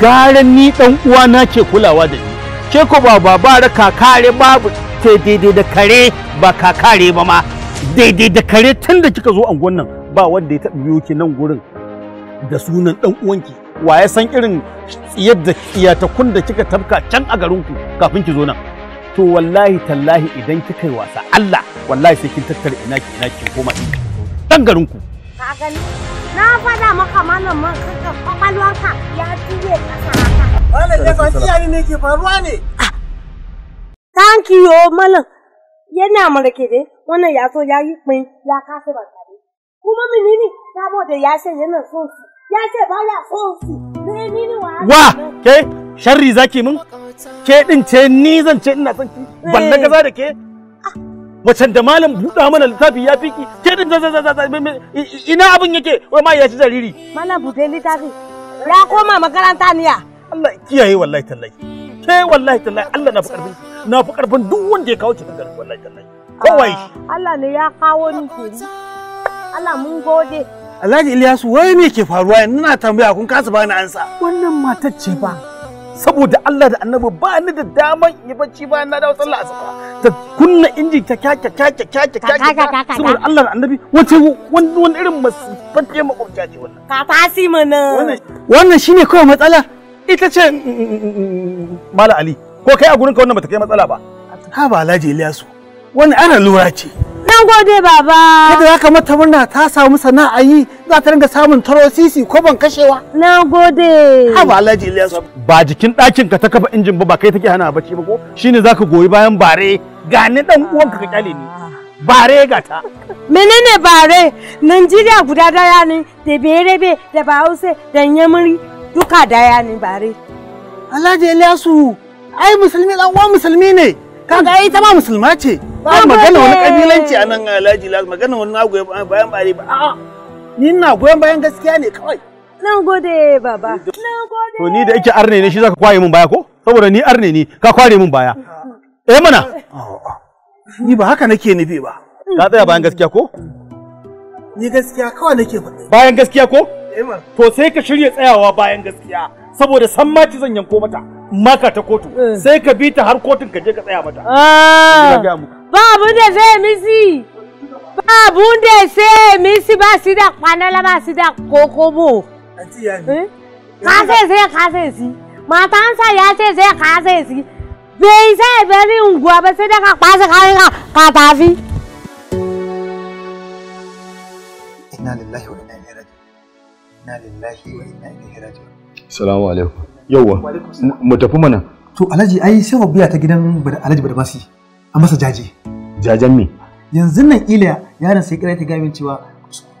gara ni dan uwa na ke kulawa da ni ke ko ba babara kakare babu ta daidai da kare ba kakare ba ma daidai da kare tun da kika zo angon nan ba wanda ya taɓa biyo nan gurin da sunan dan uwanki wa ya san irin yadda iyatakun da kika tafka can a garin ku kafin ki zo nan to wallahi tallahi idan kika yi wasa Allah wallahi sai kin tattara ina ki ina ki koma dan ku. ka gani na faɗa maka malamin kaka kwakwalwarka ya juye ƙasa haka malam ya ba tiya ne ke faruwa ne ah! thank you oh, malam yana marke dai wannan ya so ya yi pin ya kasa ba tare kuma menene saboda ya ce yana son su ya ce ba ya son su menene wa wa ke sharri zaki min ke din ce ni zan ce ina son ki ban na gaza da ke wacan da malam buɗa mana littafi ya fi ke din za za za ina abin yake wai ma ya ci jariri malam buɗe littafi ya koma makaranta niya Allah kiyaye wallahi tallahi ke wallahi tallahi Allah na fi karfin na fi karfin duk wanda ya kawo ki garin wallahi tallahi wai ah, Allah ne ya kawo ni ke Allah mun gode Alhaji Ilyasu wai me ke faruwa yanzu na tambaya kun kasa bani ansa wannan matar ce ba saboda Allah da annabi ba ni da daman in yi bacci bayan na dawo sallah asuba ta kunna inji ta kyakya kyakya kyakya kyakya saboda Allah da annabi wace wani wani irin masifante makwabta ce wannan ka tasi mana wannan shine kawai matsala ita ce mm, mm, mm, mala ali ko kai a gurin ka wannan bata kai matsala ba ka ba alhaji Ilyasu wani ana lura ce Na gode baba. Kada za ka mata murna ta samu sana'a yi za ta ringa samun taro sisi ko ban kashewa. Na gode. ba Alhaji Ilyas. Ba jikin ɗakin ka ta kafa injin ba ba kai take hana bacci ba ko shine zaka goyi bayan bare ga ni dan uwanka ka kyale ni. Bare ga ta. Menene bare? Najeriya guda daya ne da Berebe da Bahause da Yamuri duka daya ne bare. Alhaji Ilyasu ai musulmi dan uwan musulmi ne. kaga ai ita ma musulma ce ba magana wani kabilanci anan nan alhaji lal magana wani goyon bayan bare ba a'a ni ina goyon bayan gaskiya ne kawai nan gode baba nan gode to ni da yake arne ne shi zaka kwaye min baya ko saboda ni arne ni ka kware min baya eh mana ni ba haka nake nufi ba ka tsaya bayan gaskiya ko ni gaskiya kawai nake faɗi bayan gaskiya ko eh to sai ka shirya tsayawa bayan gaskiya saboda san ma ci zan yanko mata maka ta kotu eh. sai ka bi ta har kotun ka je ka tsaya mata ah. ba abun da zai misi ba abun da sai misi ba si da kwanala ba si da kokobo eh? ka sai sai ka sai si matansa ya ce sai ka sai si bai sai bari unguwa ba sai da ka kwasa ka ka tafi inna lillahi wa inna ilaihi raji'un inna lillahi wa inna ilaihi raji'un assalamu alaikum yauwa mu tafi mana to alhaji ai sai wa biya ta gidan alhaji bada basi a masa jaje jajen me yanzu nan iliya yaron sai kira ta gamin cewa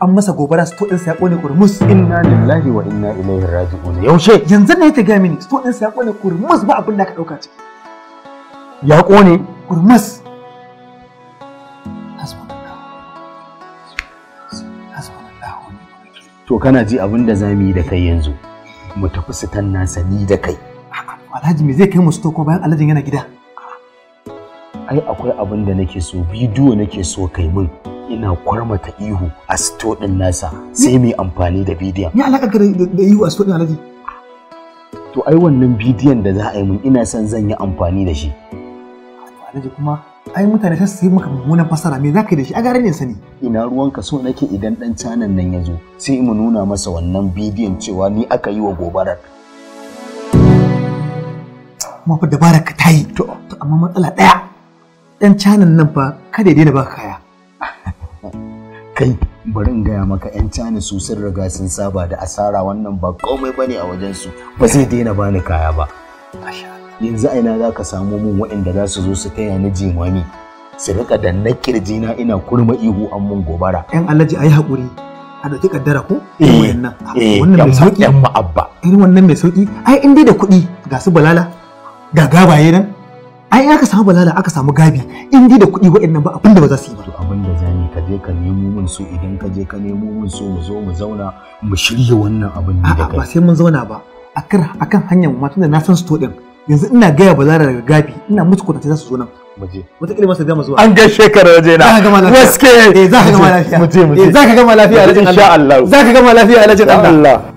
an masa gobara sto din sako ne kurmus inna lillahi wa inna ilaihi raji'un yaushe yanzu nan ta mini sto din ya ne kurmus ba abin da ka dauka ciki ya kone kurmus to kana ji abin da za mu yi da kai yanzu mu tafi sitan nasa ni da kai alhaji me zai kai mu sito ko bayan alhajin yana gida ai akwai abin da nake so bidiyo nake so kai mun ina kwarmata ihu a sito din nasa sai mai amfani da bidiyon ya alaka da ihu a sito din alhaji to ai wannan bidiyon da za a yi mun ina son zan yi amfani da shi alhaji kuma ai mutane sai su yi maka mummunan fasara me zaka yi da shi a garin ne sani ina ka so nake idan dan canan nan ya zo sai mu nuna masa wannan bidiyon cewa ni aka yi wa gobarar kuma fa dabara ka tayi to amma matsala daya dan canan nan fa kada ya daina baka kaya kai bari in gaya maka yan cani su sun riga sun saba da asara wannan ba komai bane a wajensu ba zai daina bani kaya ba yanzu aina za ka samu mun waɗanda za su zo su taya ni jimami su rika da na kirji na ina kurma ihu an mun gobara yan alhaji ayi haƙuri a ɗauki kaddara ko eh, ah, eh, wannan mai sauki yan ma'abba irin wannan mai sauki ai in dai da kuɗi ga su balala ga gabaye nan ai aka samu balala aka samu gabi in dai da kuɗi waɗannan ba abinda ba za su yi ba to abin da za ka je ka nemo mun so idan ka je ka nemo mun so mu zo mu zauna mu shirya wannan abin da kai ba sai mun zauna ba akan hanyar matan da na san su to din yanzu ina gaya ba zara daga gafi ina mutu kwatance za su zo nan muje wataƙila masu zama zuwa an ga shekara waje na za gama lafiya za ka gama lafiya eh, muje muje eh, za ka gama lafiya alajin Allah za ka gama lafiya alajin Allah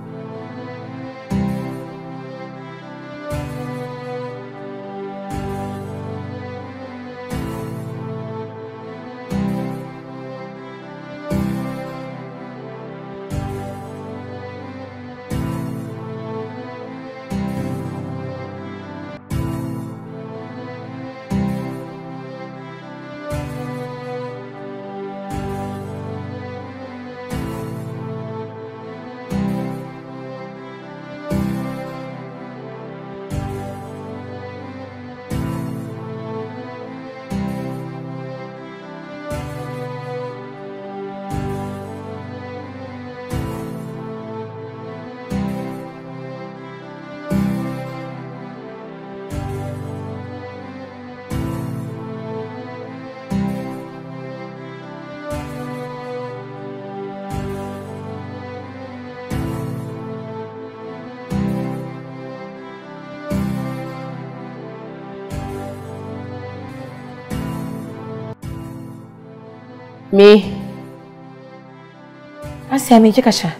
Asiya me kika sha?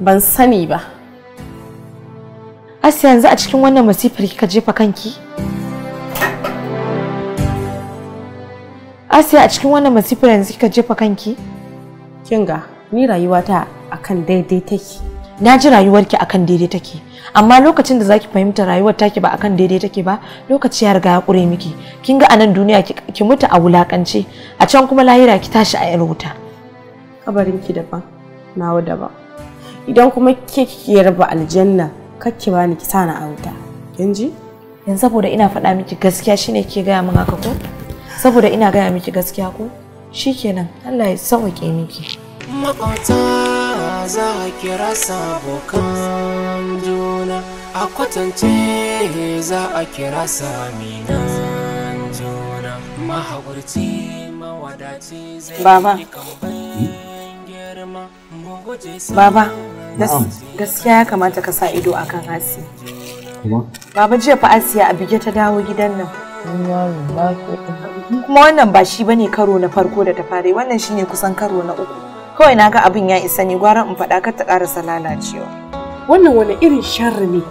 Ban sani ba. Asiya yanzu a cikin wannan masifar kika jefa kanki? Asiya a cikin wannan masifar yanzu kika jefa kanki? Kinga, ni rayuwata akan daidai take. Na ji rayuwarki akan daidai take. Amma lokacin da zaki fahimta rayuwar take ba akan daidai take ba, lokaci ya riga ya kure miki. kinga anan duniya ki mutu a wulakance, a can kuma lahira ki tashi a yar wuta. kabarinki daban nawa daban idan kuma ke kike raba aljanna kakki ni ki sana a wuta kin ji yanzu saboda ina faɗa miki gaskiya shine ke gaya min haka ko saboda ina gaya miki gaskiya ko shikenan Allah ya sauke miki makota za a kira sabokan juna a kwatance za a kira saminan juna mahaƙurci mawadaci zai yi kamfani Baba, gaskiya ya kamata ka sa ido a kan Asiya. Baba jiya fa Asiya a bige ta dawo gidan nan. Kuma wannan ba shi bane karo na farko da ta fara wannan shine kusan karo na uku. Kawai na ga abin ya isa ne gwara in faɗa kar ta ƙarasa lalacewa. Wannan wani irin sharri ne.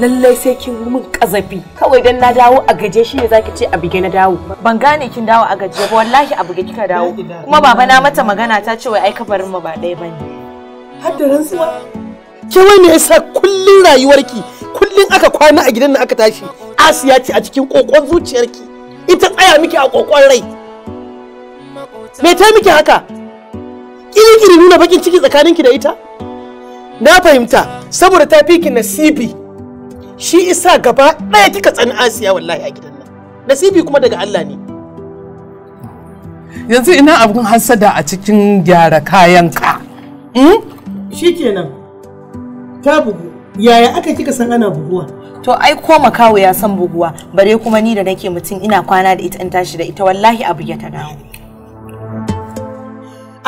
lallai sai kin yi min kazafi kawai dan na dawo a gaje shi ne zaki ce a bige na dawo ban gane kin dawo a gaje ba wallahi a buge kika dawo kuma baba na mata magana ta ce wai ai ka bar mu ba ɗaya bane har da rantsuwa ke wai me yasa kullun rayuwarki kullun aka kwana a gidan nan aka tashi asiya ce a cikin kokon zuciyarki ita tsaya miki a kokon rai me ta miki haka kiri-kiri nuna bakin ciki tsakaninki da ita na fahimta saboda ta fi ki nasibi shi isa gaba ɗaya kika tsani asiya wallahi a gidan nan nasibi kuma daga Allah ne yanzu ina abun hasada a cikin gyara kayanka hmm? shikenan ta bugu yaya aka kika san ana buguwa to ai ko makawo ya san buguwa bare kuma ni da nake mutum ina kwana da ita in tashi da ita wallahi abu ya ta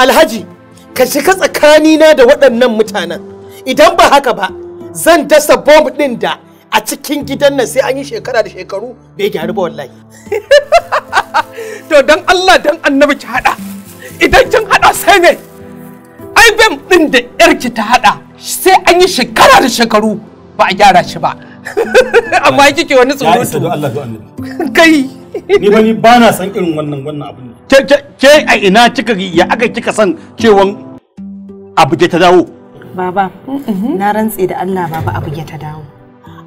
alhaji ka shiga tsakanina da waɗannan mutanen idan ba haka ba zan dasa bomb ɗin da a cikin gidan nan sai an yi shekara da shekaru bai gyaru ba wallahi to dan Allah dan annabi ki hada idan kin hada sai ne ai bem din da ki ta hada sai an yi shekara da shekaru ba a gyara shi ba amma kike wani tsoro Allah kai ni ba ni ba na san irin wannan wannan abin ke a ina kika ya aka kika san cewan abu ta dawo baba na rantse da Allah baba abu ta dawo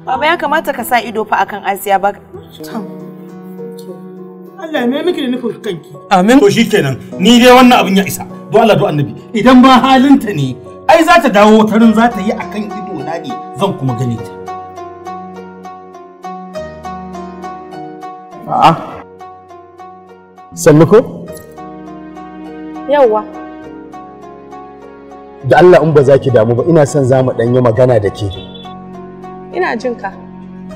Baba ya kamata ka sa ido fa akan Asiya ba. Allah me miki da nufin kanki. Amin. To shikenan ni dai wannan abin ya isa. Don Allah don Annabi idan ba halinta ne ai za ta dawo tarin za ta yi akan ido na ne zan kuma gane ta. A'a. Sannu ko? Yawwa. Da Allah in ba za ki damu ba ina son za mu ɗan magana da ke. ina jin ka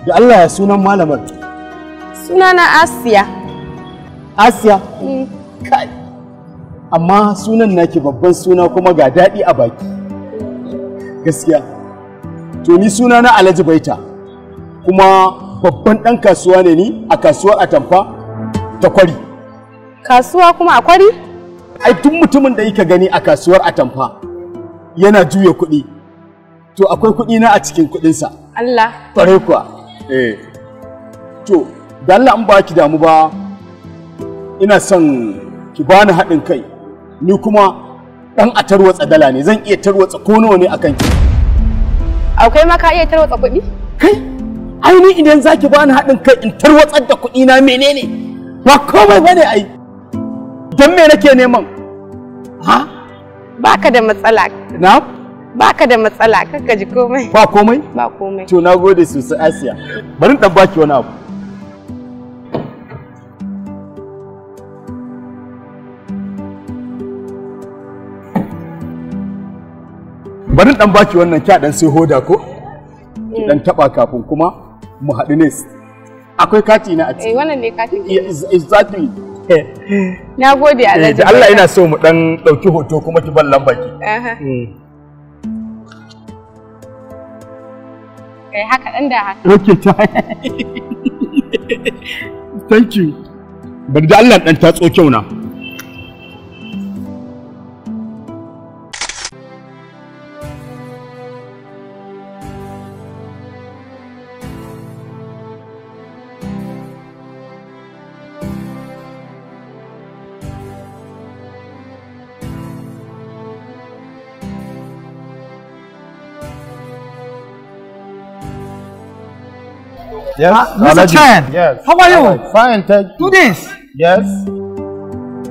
da Allah ya sunan malamar sunana Asiya Asiya mm. kai amma sunan naki babban suna kuma ga daɗi a baki gaskiya to ni suna na Alhaji Baita kuma babban ɗan kasuwa ne ni a kasuwar Atamfa ta Kwari kasuwa kuma a Kwari ai tun mutumin da yake gani a kasuwar Atamfa yana juya kuɗi to akwai kuɗi na a cikin kuɗinsa Allah kware kuwa eh to da Allah an ba ki damu ba ina son ki bani haɗin kai ni kuma dan a tarwatsa dala ne zan iya tarwatsa ko nawa ne akan ki akwai ma ka iya tarwatsa kuɗi kai ai ni idan zaki bani haɗin kai in tarwatsar da kuɗi na menene ba komai bane ai dan me nake neman ha baka da matsala Na'am. Baka da matsala, kaka ji komai. Ba komai? Ba komai. To na gode sosai Asiya. Bari dan baki wani abu. Bari dan baki wannan kya dan sai hoda ko? Ki dan mm. taba kafin kuma mu haɗu ne. Akwai kati na a ciki. Eh wannan ne kati Exactly. Na gode eh, Da Allah ina so mu dan dauki hoto kuma ki ban lambaki. Kai haka ɗan da haka. Okay, ta. Thank you. Bari da Allah ɗan ta tso kyau na. Yes. Uh, Mr. Alaji. Chan. Yes. How are you? Right. Fine, thank you. Do this. Yes.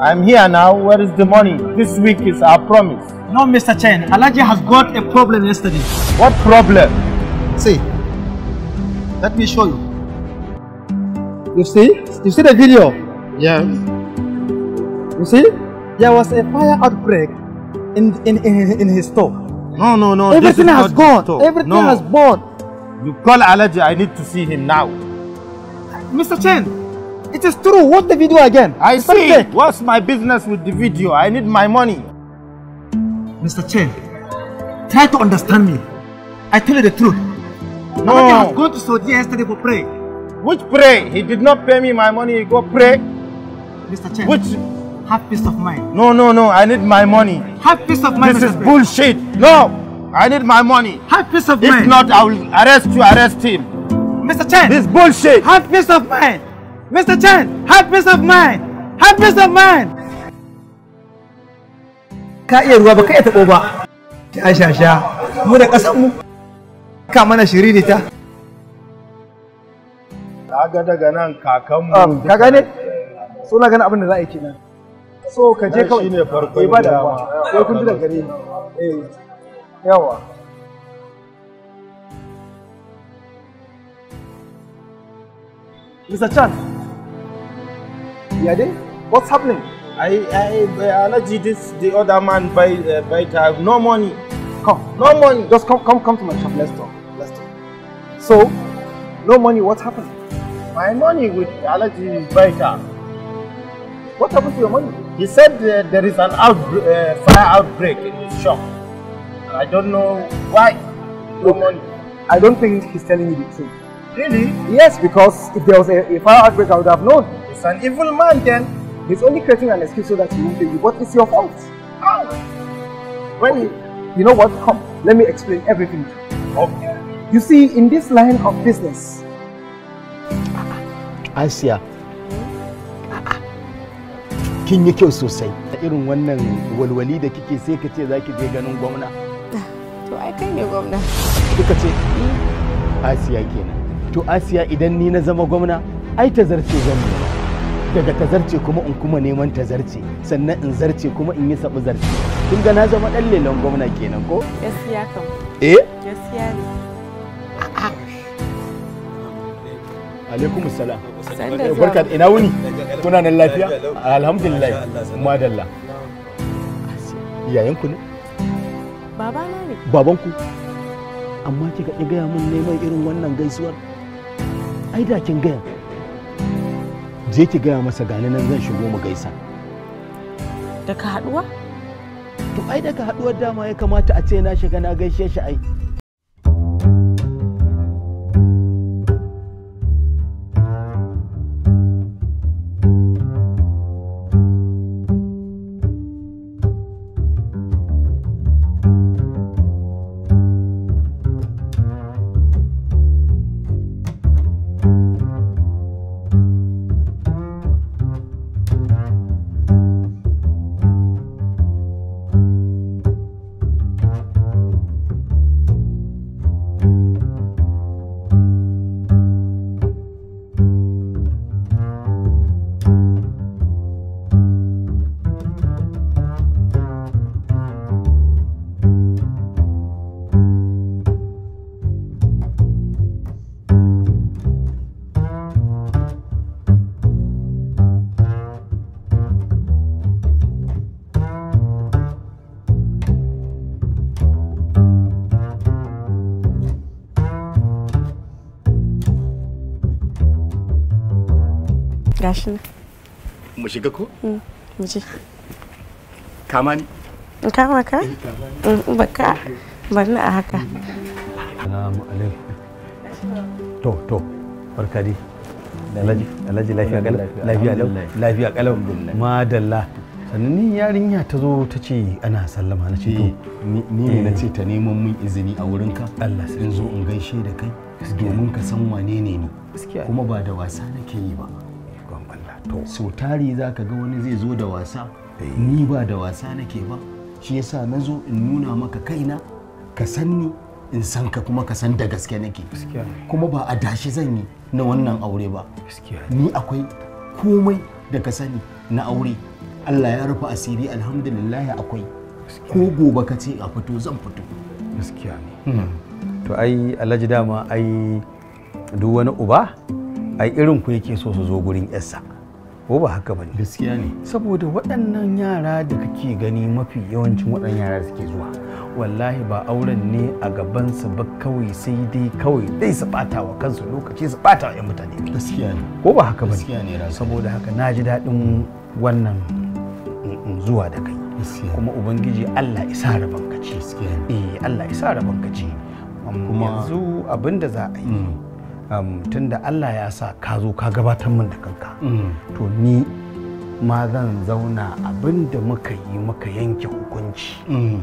I'm here now. Where is the money? This week is our promise. No, Mr. Chen. Alaji has got a problem yesterday. What problem? See. Let me show you. You see? You see the video? Yes. You see? There was a fire outbreak in in in, in his store. No, no, no. Everything has gone. Store. Everything no. has burned. You call Alaji, I need to see him now. Mr. Chen, it is true. Watch the video again. I it's see. Perfect. What's my business with the video? I need my money. Mr. Chen, try to understand me. I tell you the truth. No. I was going to Saudi yesterday for pray. Which pray? He did not pay me my money. He go pray. Mr. Chen. Which? Have peace of mind. No, no, no. I need my money. Have peace of mind. This Mr. is bullshit. No. I need my money. Have peace of if mind. If not, I will arrest you, arrest him. Mr. Chen. This bullshit. Have peace of mind. Mr. Chen, have peace of mind. Have peace of mind. Ka iya ruwa ba ka iya taɓo ba. Sha sha sha. Mu da ƙasar mu. Ka mana shiri ne ta. Kaga daga nan kakanmu. Ka gane? So na gani abin da za a yi kenan. So ka je kawai. Shi ne farkon dama. Sai kun ji da gare ni. Eh. yawa Mr. Chan, Yade, what's happening? I I allergy this the other man by uh, by have no money. Come, no money. Just come come come to my shop. Let's talk. Let's talk. So, no money. What happened? My money with allergy by car. What happened to your money? He said uh, there is an outbr uh, fire outbreak in his shop. I don't know why. No money. I don't think he's telling you the truth. Really? Yes, because if there was a, a fire outbreak, I would have known. He's an evil man then. He's only creating an excuse so that he won't pay you, but it's your fault. How? When okay. you... you know what? Come, let me explain everything. Okay. You see, in this line of business, Asiya, kin yi kyau sosai. Irin wannan walwali da kike sai ka ce za kai ne gwamna duka ce eh, asiya kenan to asiya idan ni na zama gwamna ai ta zarce zan nema daga ta zarce kuma in kuma neman ta zarce sannan in zarce kuma in yi sabu zarce kin ga na zama dan lelon gwamna kenan ko gaskiya kam eh gaskiya ne alaikum salam eh, barka ina wuni kuna nan lafiya alhamdulillah madalla yayin ku ne babana ne babanku amma kika ki gaya mun neman irin wannan gaisuwar ai da kin gaya je ki gaya masa gani nan zan shigo mu gaisa daga haduwa to ai daga haduwar dama ya kamata a ce na shiga na gaishe shi ai gashi nan mu shiga ko mm, mu je kama ni in kama ka eh, mm, baka bari a haka assalamu alaikum to to barka dai alhaji alhaji lafiya kalau lafiya lau lafiya kalau madalla sannan ni yarinya ta zo ta ce ana sallama na ce to eh, ni ne na eh. ce ta neman mun izini a wurinka Allah sai in zo in gaishe da kai domin ka san wane ne ni kuma ba da wasa nake yi ba Allah za ka ga wani zai zo da wasa eh. ni ba da wasa nake ba shi yasa na zo in nuna maka kaina ka san ni in san ka kuma ka san da gaske nake kuma ba a dashi zan yi na wannan aure ba ni akwai komai da ka sani na aure Allah ya rufe asiri alhamdulillah akwai ko gobe ka ce a fito zan fito hmm. to ai alhaji dama ai duk wani uba ai irin ku yake so su zo gurin yarsa ko ba haka bane gaskiya ne saboda waɗannan yara da kake gani mafi yawancin waɗannan yara suke zuwa wallahi ba auren ne a gaban su ba kawai sai dai kawai dai su bata wa kansu lokaci su bata wa 'yan mutane gaskiya ne ko ba haka bane gaskiya ne saboda haka na ji daɗin wannan mm, mm, zuwa da kai kuma ubangiji Allah isa rabanka ce eh Allah isa rabanka ce kuma yanzu abinda za a yi mm. tun da Allah ya sa ka zo ka gabatar min da kanka mm. to ni ma zan zauna abin da muka yi muka yanke hukunci mm.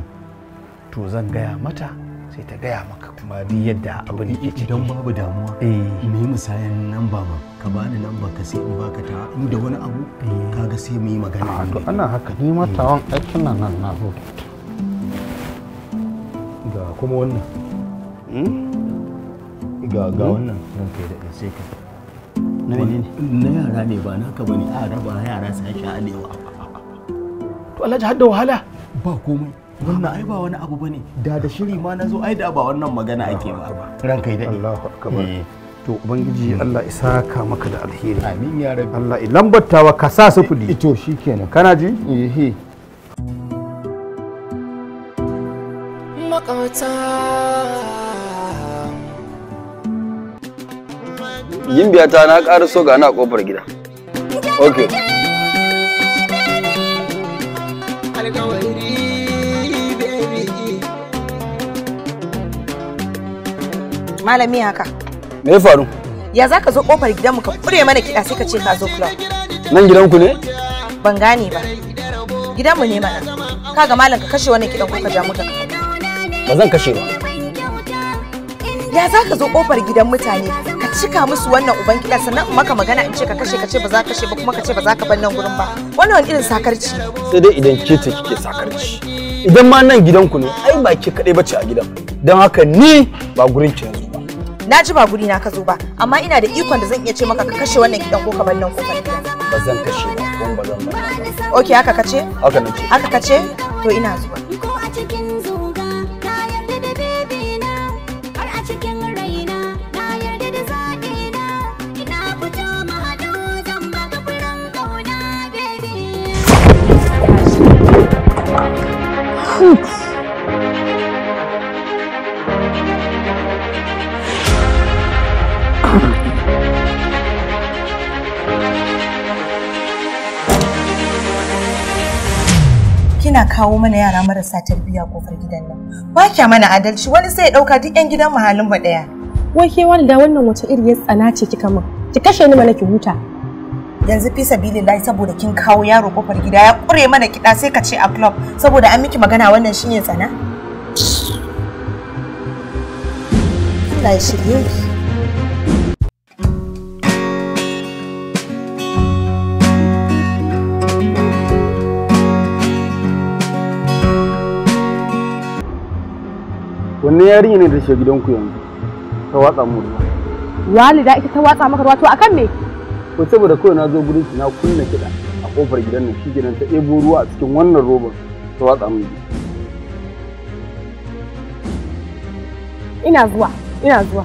to zan gaya mata sai ta gaya maka kuma bi yadda abin da ke ciki don babu damuwa eh. me misayan nan ba ba ka bani nan ba ka sai in baka ta inda wani abu eh. kaga sai mu yi magana to ana haka ni ma eh. tawan aikin nan nan na zo. ga kuma wannan hmm? ga ga hmm? wannan ran kai da sai ka na menene na yara ne ba naka bane a raba yara sai sha alewa to allah har da wahala ba komai wannan ai ba wani abu bane da da shiri ma nazo ai da ba wannan magana ake ba ran kai dade Allahu akbar eh. to ubangiji hmm. Allah ya saka maka da alheri amin ya rabbi Allah ya lambatawa ka sa sufuri eh, to shikenan kana ji eh, eh. makata yin biyata na ƙara so ga na ƙofar gida ok malami haka me ya faru ya za ka zo ƙofar gidanmu ka fure mana kiɗa sai ka ce ka zo club nan gidanku ne ban gane ba gidanmu ne mana kaga malam ka kashe wannan kiɗan ko ka ja mu ba zan kashe ba ya za ka zo ƙofar gidan mutane cika musu wannan uban gida sannan in maka magana in ce ka kashe ka ce ba za ka kashe ba kuma ka ce ba za ka bar nan gurin ba wannan irin sakarci sai dai idan ke ta kike sakarci idan ma nan gidanku ne ai ba ke kaɗai bace a gidan don haka ni ba gurin ki yanzu ba na ji ba guri na ka zo ba amma ina da ikon da zan iya ce maka ka kashe wannan gidan ko ka bar nan kofar gidan ba zan kashe ba don ba zan ba Okay, haka ka ce. haka ce. haka ka ce to ina zuwa Kina kawo mana yara marasa tarbiyya kofar gidan nan. Ba mana adalci wani sai ya ɗauka duk 'yan gidan muhallin mu ɗaya. Wai ke wani wannan wata iriyar tsana ce kika min. Ki kashe ni ma ki huta. yanzu fi lai saboda kin kawo yaro kofar gida ya kure mana kiɗa sai ka ce a club saboda an miki magana wannan shine tsana Allah ya ne ki wanne yarinya ne da shi gidanku yanzu ta watsa mu ruwa walida ita ta watsa maka ruwa to akan me ko saboda kawai na zo gurin shi na kunna kiɗa a kofar gidan nan shi gidan ta ɗebo ruwa a cikin wannan robar ta watsa mun ina zuwa ina zuwa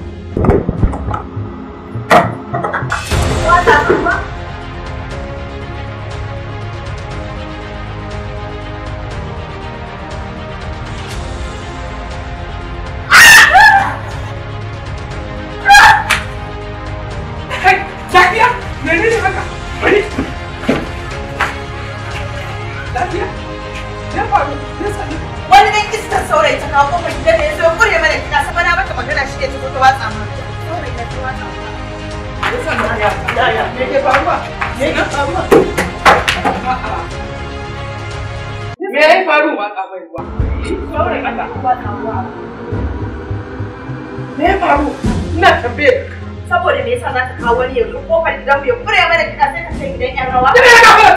a wani yanzu kofar gidan mu yi kure mana sai ka gidan rawa.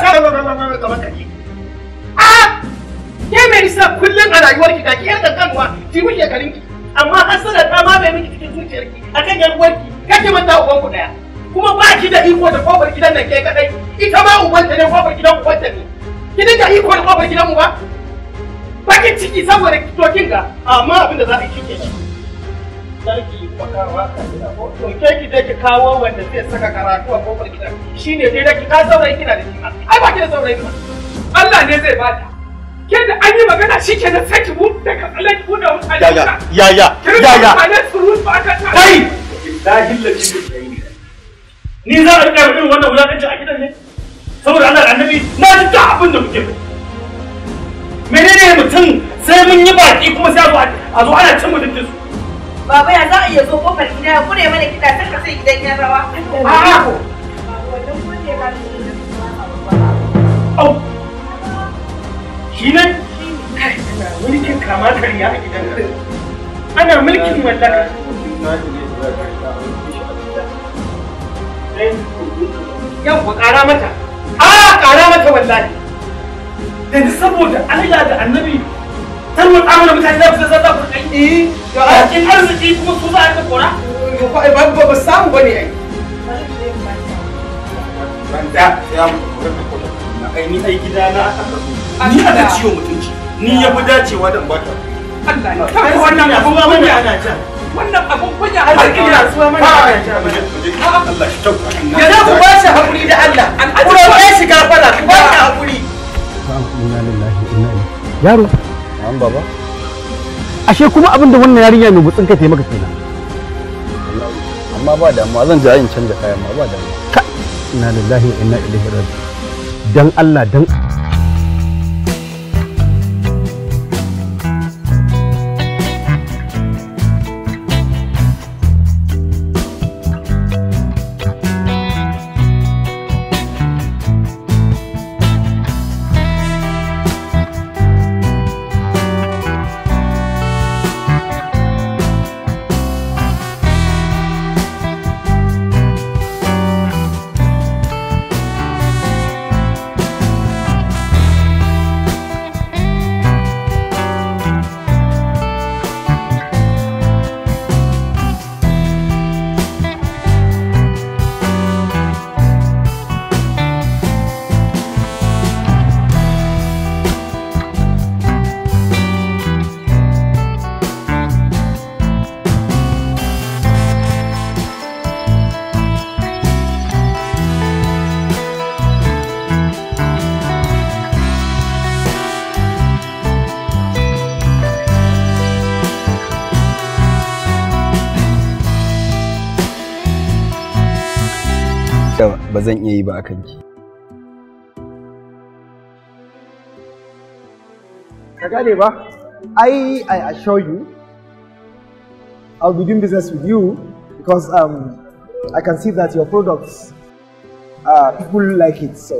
fara ba ba ba ba A ke me yasa kullun a rayuwar ki kaki ƴan kankanuwa ki wuce garin ki amma hasara ta ma bai miki cikin zuciyar ki akan ƴan uwar ki kake manta uban ku daya. Kuma ba ki da iko da kofar gidan nan ke kadai ita ma ubanta ne kofar gidan ubanta ne. Ki dinga iko da kofar gidan mu ba? Bakin ciki saboda tokin ga amma abin da za a yi shi Ke ki je ki kawo wanda zai saka karatu a kofar gidan shi ne dai ki ka saurayi kina da shi ma. Ai ba ki da saurayi ba. Allah ne zai bata. Ke da an yi magana shi ke da saki ki mu da ka tsalle ki buɗe mutane. Ya ya ya ya ya ya. Mutane su rufa ka ta. Kai. Lahin lafi da yi. Ni za a riƙa irin wannan wulaƙancin a gidan ne. Saboda Allah annabi na ji duk abin da kuke mai. Menene mutum sai mun yi baki kuma sai a zo ana cin mutuncin su. Baba ya za a iya zo kofar gida ya kure mana gida ta ka sai gidan ya rawa. A'a. ba ni ne? Kai, ana mulkin kama karya a gidan nan. Ana mulkin mallaka. Yawwa ƙara mata. Ah, ƙara mata wallahi. Yanzu saboda Allah da annabi tarwar amana mutane za su zazzaza ku kai eh yakin arziki kuma su za a ka kora eh, ba ba ba samu ne. ai banda ya mu na ai ni ai gida na aka ni aka ciwo mutunci ni ya fi dacewa da bata Allah ne wannan abun ba mun ana ja wannan abun kunya arziki ne suwa mana ana ja Allah shi tauka ya ku ba shi hakuri da Allah an ajiye shi gafara ku ba shi hakuri yaro An baba. Ashe kuma abin da wannan yarinya mai butsin kai taimaka kenan. Amma ba damuwa zan ja in canja kayan ma ba damuwa. Ka inna lillahi wa inna ilaihi Dan Allah dan yi ba a ki. ka gane ba i i assure you i'll be doing business with you because um i can see that your products uh, people like it so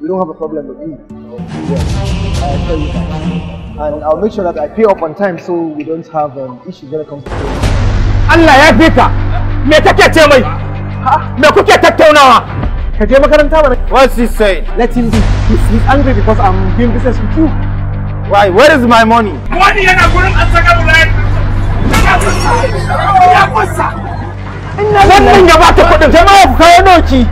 we don't have a problem with me yeah. i assure you that. and I'll make sure that I pay up on time so we don't have um, issues when it comes to pay. Allah ya fi ka! Me take ce mai? Me kuke tattaunawa? Ka je makaranta bana. What's he saying? Let him be. He's, he's angry because I'm doing business with you. Why? Where is my money? Money yana gurin an saka bulayen. Ya fusa. Wannan ya bata kuɗin. Jama'a ku kawo noki.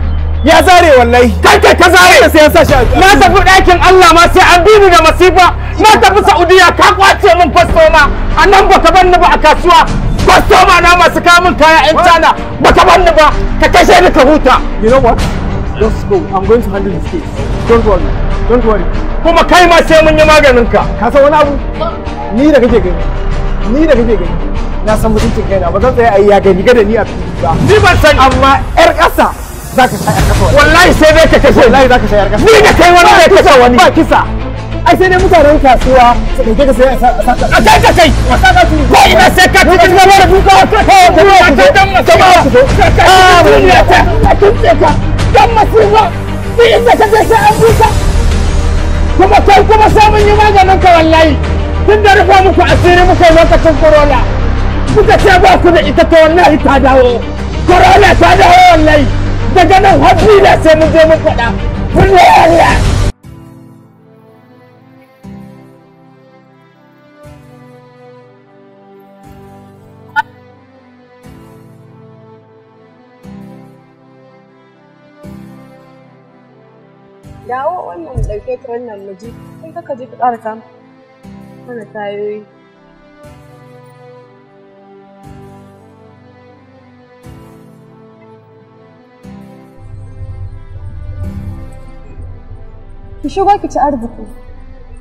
Ya zare wallahi. Kai kai ka zare. Sai ya sashi. Na tafi ɗakin Allah ma sai an bi ni da masifa. Na tafi Saudiya ka kwace min kwastoma. A nan baka bar ni ba a kasuwa. kwastoma na masu kamun kaya 'yan cana baka banni ba ka kashe ni ka huta you know what Just go. I'm going to handle this case. Don't worry. Don't worry. Kuma kai ma sai mun yi maganin ka. Ka san wani abu? Ni da kake gani. Ni da kake gani. Na san mutuncin kaina ba zan tsaya a yi ya gani da ni a fili ba. Ni ban san amma ƴar ƙasa za ka ƙasa wallahi sai dai ka kashe wallahi za ka sha ni da kai wani ne kasa wani ba kisa ai sai dai mutanen kasuwa su ɗauke ka sai a saka a kai ka kai a saka su ko ina sai ka cikin ko ko ko ka ko ko a ka ko ka ko ko ko ka ko ka ko ko a ko ko ka ko ko ko ko ko ka ko ko a ko ko dan masifa sai inda ka je sai an busa kuma kai kuma samun yi maganin ka wallahi tun da rufa muku asiri muka lokacin corona kuka ce ba ku da ita ta wallahi ta dawo corona ta dawo wallahi daga nan hajji ne sai mun je mun faɗa Allah ɗauke ta wannan miji kai kaka je ka ƙara samu mana tayoyi ki shigo ki ci arziki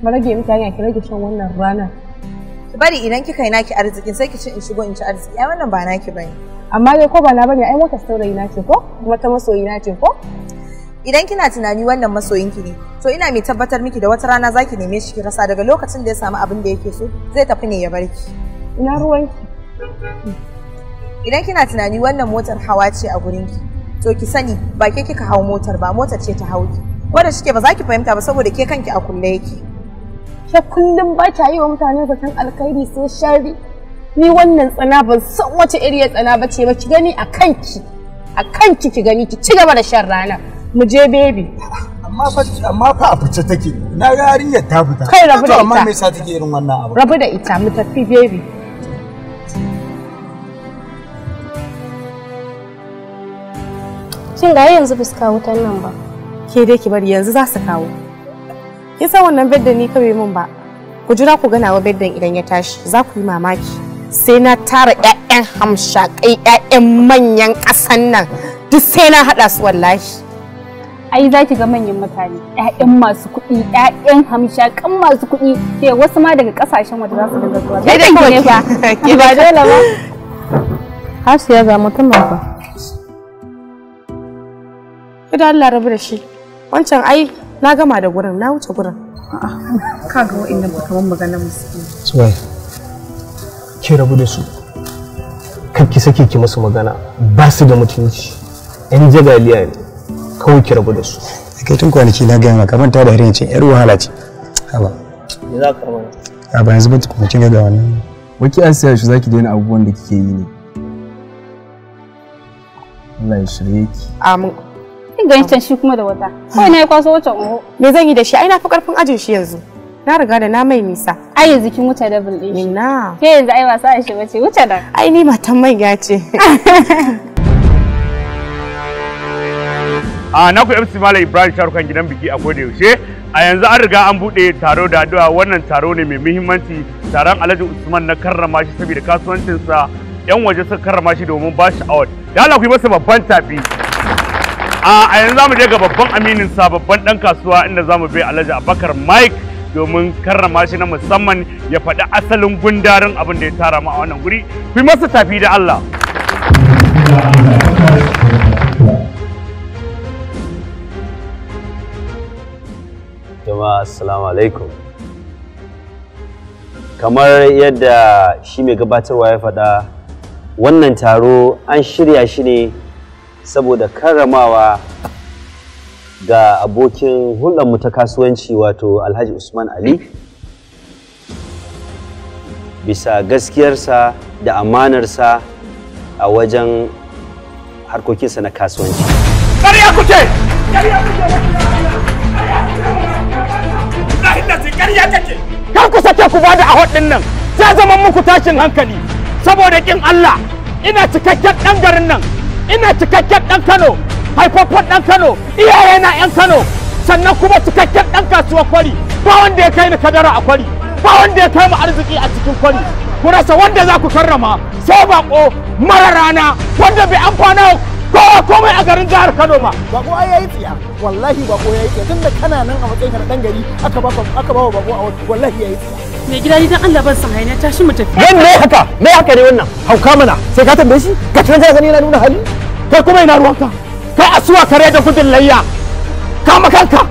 ba rage miki hanya ki rage shan wannan rana ki bari idan kika yi naki arziki sai ki ci in shigo in ci arziki ai wannan ba naki bane amma dai ko ba na bane ai mota saurayi na ce ko kuma ta masoyi na ce ko idan kina tunani wannan masoyinki ne to ina mai tabbatar miki da wata rana zaki neme shi ki rasa daga lokacin da ya samu abin da yake so zai tafi ne ya bar ki ina ruwanki idan kina tunani wannan motar hawa ce a gurin ki, to ki sani ba ke kika hau motar ba motar ce ta hau ki ko da shike ba za fahimta ba saboda ke kanki a kulle yake ke kullum ba ta yi wa mutane zaton alkhairi sai shari ni wannan tsana ban san wace iriyar tsana ba ce ba ki gani a kanki a kanki ki gani ki ci gaba da shan ranar mu je baby amma fa amma fa a fice take na yarinya ta fita kai rabu da ita amma me yasa take irin wannan abu rabu da ita mu tafi baby shin ga yanzu bisu kawo wutan nan ba ke dai ki bari yanzu za su kawo kin san wannan bedda ni kawai mun ba ku jira ku gana wa beddan idan ya tashi za ku yi mamaki sai na tara ƴaƴan hamshakai ƴaƴan manyan ƙasan nan duk sai na haɗa su wallahi ai za ki ga manyan mutane ya'yan masu kuɗi hamsha kan masu kuɗi ke wasu ma daga kasashen waje za su dinga zuwa ba dole ba ba dole ba hasiya ga mutum ba ku da Allah rabu da shi wancan ai na gama da gurin na wuce gurin ka ga wa'annan ba kamar maganar musu suwai ki rabu da su kar ki sake ki musu magana ba su da mutunci 'yan jagaliya ne kawai ki rabu da su kai tun kwanaki na gaya maka manta da harin cin yar wahala ce haba me za ka mana a ba yanzu ba tukun kin ga wannan waki an siya shi zaki daina abubuwan da kike yi ne Allah ya shirye ki amin kin ganin can shi kuma da wata kai na yi kwaso wata oho me zan yi da shi ai na fi karfin ajin shi yanzu na riga da na mai nisa ai yanzu kin wuce da din shi na ke yanzu ai wasa a shi bace wuce da ai ni matan mai gace a naku MC Malam Ibrahim Sharukan gidan biki a koda yaushe a yanzu an riga an bude taro da addu'a wannan taro ne mai muhimmanci taron Alhaji Usman na karrama shi saboda kasuwancinsa yan waje suka karrama shi domin ba shi award da Allah ku yi masa babban tafi a yanzu zamu je ga babban aminin sa babban dan kasuwa inda zamu bi Alhaji Abakar Mike domin karrama shi na musamman ya faɗi asalin gundarin abin da ya tara mu a wannan guri ku yi masa tafi da Allah jama'a assalamu alaikum kamar yadda shi mai gabatarwa ya faɗa wannan taro an shirya shi ne saboda karramawa ga abokin hulɗarmu ta kasuwanci wato alhaji usman ali bisa gaskiyarsa da amanarsa a wajen harkokinsa na kasuwanci. Ƙarya ce, Ƙarya kuke! ƙarya kar ku sake ku bada ahod din nan sai zaman muku tashin hankali saboda kin Allah ina cikakken dan garin nan ina cikakken ɗan Kano haifaffen ɗan Kano iyaye na yan Kano sannan kuma cikakken ɗan kasuwar kwari ba wanda ya kai ni kadara a kwari ba wanda ya kai mu arziki a cikin kwari ku rasa wanda za ku karrama sai bako mara rana wanda bai amfana ba komai a garin jihar Kano ba bako ai yayi tsiya wallahi bako yayi tsiya tunda kana nan a matsayin ka dan gari aka ba aka ba bako a wallahi yayi tsiya me gida ni dan Allah ban san haina tashi mu tafi yan me haka me haka ne wannan hauka mana sai ka tambaye shi ka tana ka gani yana nuna hali kai kuma ina ruwanka kai asuwa kare da kudin layya kama kanka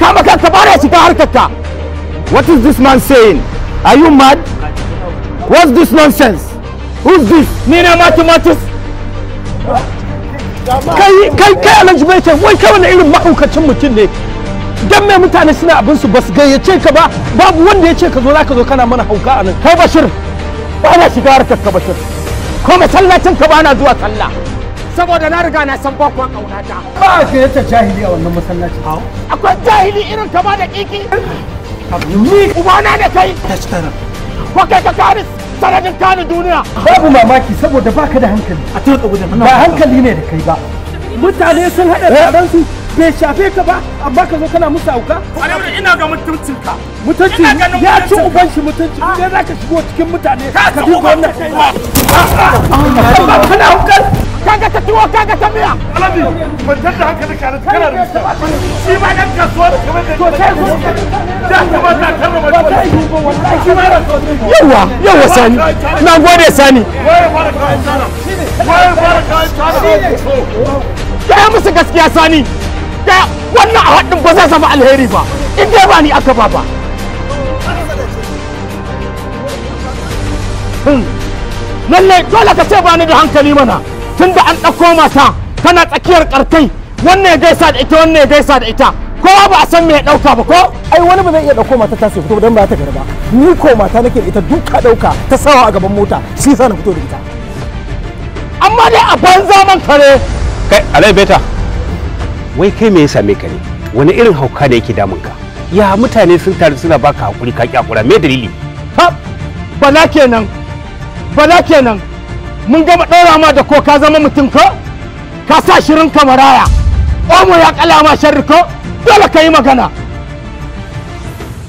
kama kanka ba shi ka harkarka what is this man saying are you mad what's this nonsense who's this ni ne mathematics kai kai kai alhaji bai ce wai kai wani irin mahaukacin mutum ne dan mai mutane suna abin su basu gayyace ka ba babu wanda ya ce ka zo zaka zo kana mana hauka a nan kai bashir ba na shiga harkar ka bashir ko masallacin ka ba na zuwa sallah saboda na riga na san bakon kaunata ba ka yace jahili a wannan masallaci akwai jahili irin ka ba da kiki ni ubana da kai ko kai ka karis sanadin kanu duniya babu mamaki saboda baka da hankali a turka gudun ba hankali ne da kai ba mutane sun haɗa eh? taron su bai shafe ka ba amma ka zo kana musu auka alhamdulillah ina ga mutuncin ka mutunci ya ci uban shi mutunci ah. idan zaka shigo cikin mutane ka duba wannan ah, ah. kana hukar kaga ta tuwo kaga ta miya alabi mantar da hankali kana kana shi ma dan kamar da to sai ku da ta wallahi shi ma da yawa yawa sani na gode sani waye fara musu gaskiya sani ka wannan a haɗin ba zai zama alheri ba in dai ba ni aka ba ba hmm. lallai dole ka ce ba ni da hankali mana tun da an ɗauko mata kana tsakiyar karkai wannan ya gaisa da ita wannan ya gaisa da ita kowa ba a san me ya ɗauka ba ko ai wani ba zai iya ɗauko mata ta sai fito don ba ta gari ba ni ko mata nake da ita duka ɗauka ta sawa a gaban mota shi sa na fito da ita amma dai a banza man kare kai alai beta wai kai me ya same ka ne wani irin hauka ne yake damun ka ya mutane sun taru suna baka hakuri ka kyakura me dalili ha bala kenan bala kenan mun gama ɗora ma da ko ka zama mutum ko ka sa shirin kamaraya omo ya kala ma sharri ko dole ka yi magana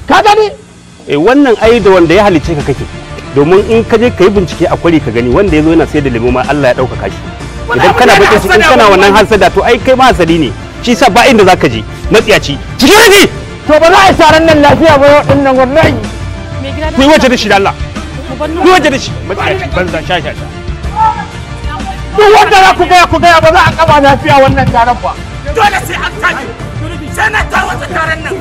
ka gani eh wannan ai da wanda ya halice ka kake domin in ka je ka yi bincike a kwari ka gani wanda ya zo yana sai da lemo ma Allah ya ɗaukaka shi idan kana bakin in kana wannan hasada to ai kai ma hasadi ne shi sa ba inda zaka je matsiyaci cikin rufi to ba za a yi nan lafiya ba yau din nan wallahi ku waje da shi da Allah ni waje da shi banza sha sha sha duk wanda za ku gaya ku gaya ba za a kama lafiya wannan taron ba dole sai an kaji sai ta wata taron nan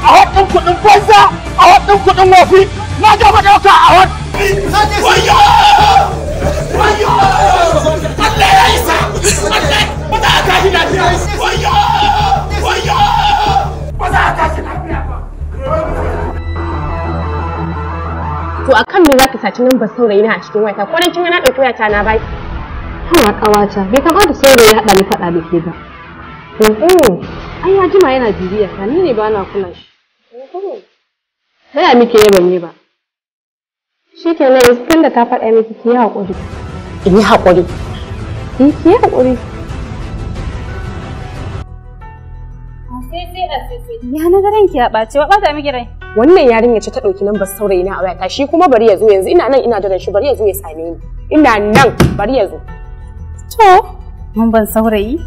a hotun kudin kwanza a hotun kudin wafi na ga ba dauka a hot wayo wayo Allah ya isa Allah ba za a kaji lafiya wayo wayo ba za a kaji lafiya ba to a akan me zaka saci nan ba saurayi na a cikin wayata ko dan kin na dauki wayata na baki hana ƙawata bai kamata saurayi ya hada ni faɗa da ke ba ai ya jima yana jiriya ka ni ne ba na kula shi Taya miki ya ban yi ba shi ke nan iskan da ta faɗa miki ki yi haƙuri in yi haƙuri ki ki yi haƙuri ya na garan ki ya ɓace wa ɓata miki rai wannan yarinya ce ta ɗauki lambar saurayi na a wayata shi kuma bari ya zo yanzu ina nan ina jiran shi bari ya zo ya same ni ina nan bari ya zo To, mun ban saurayi.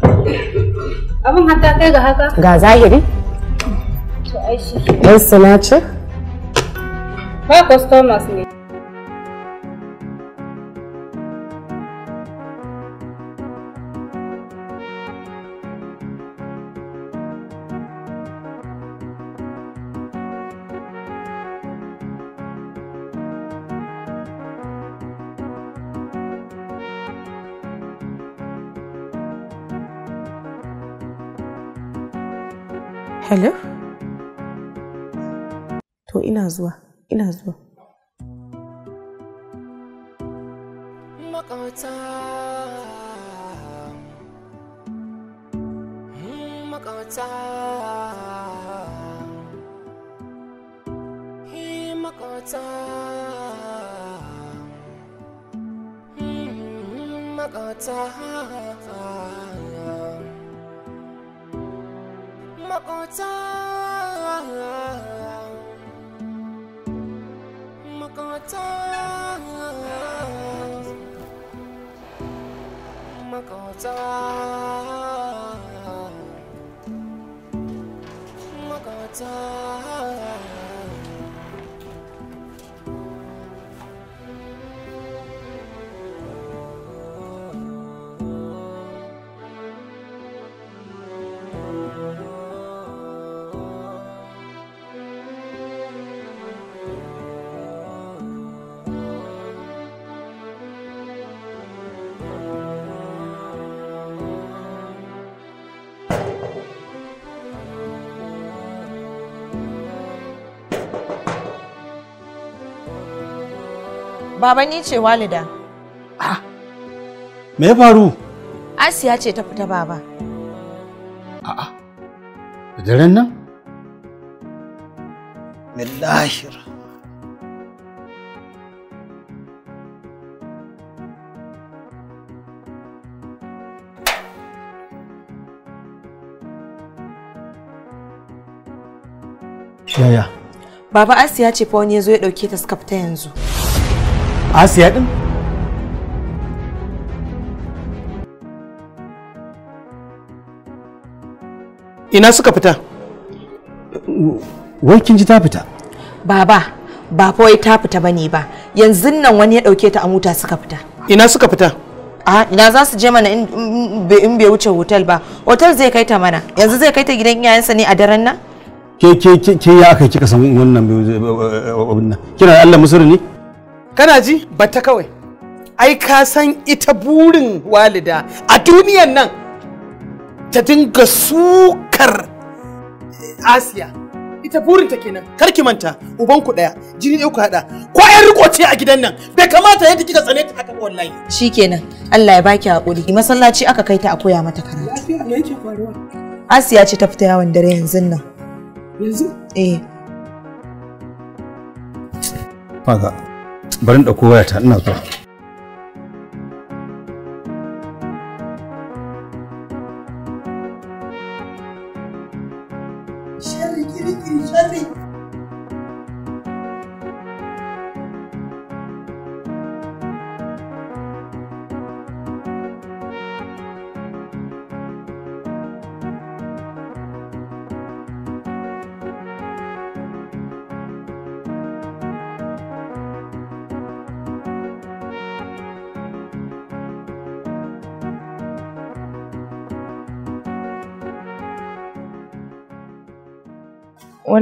Abin hata kai ga haka? Ga zahiri. To ai shi. Ɗan Ba customers ne. Hello? To ina zuwa, ina zuwa. Makauta mm, Makauta Makauta mm, Makauta Makota Makota Makota Back Baba ni ce walida. Ah, me ya faru? Asiya ce ta fita baba. A'a, da daren nan? Billahi Yaya? Baba Asiya ce fa wani ya zo ya ɗauke ta suka fita yanzu. Asiya din? Ina suka fita? Wai kin ji ta fita? Baba, ba fa wai ta fita bane ba. Yanzu nan wani ya dauke ta a mota suka fita. Ina suka fita? Ah, ina za su je mana in bai wuce hotel ba. Hotel zai kai ta mana. Yanzu zai kai ta gidan iyayensa ne a daren nan? Ke ke ke ya aka kika san wannan eh, eh, eh, abin nan. Kina Allah musuru ne? kana ji bata kawai ai ka san ita burin walida a duniyan nan ta dinga sukar eh, asiya ita burin ta kenan karki manta uban ku daya jini ɗaya ku ko ƴan riko ce a gidan nan bai kamata yadda kika tsane ta haka wallahi shikenan Allah ya baki hakuri masallaci aka kai ta a koya mata karatu asiya ce ta fita yawan dare yanzu nan yanzu eh bari in ɗauko wayata ina zuwa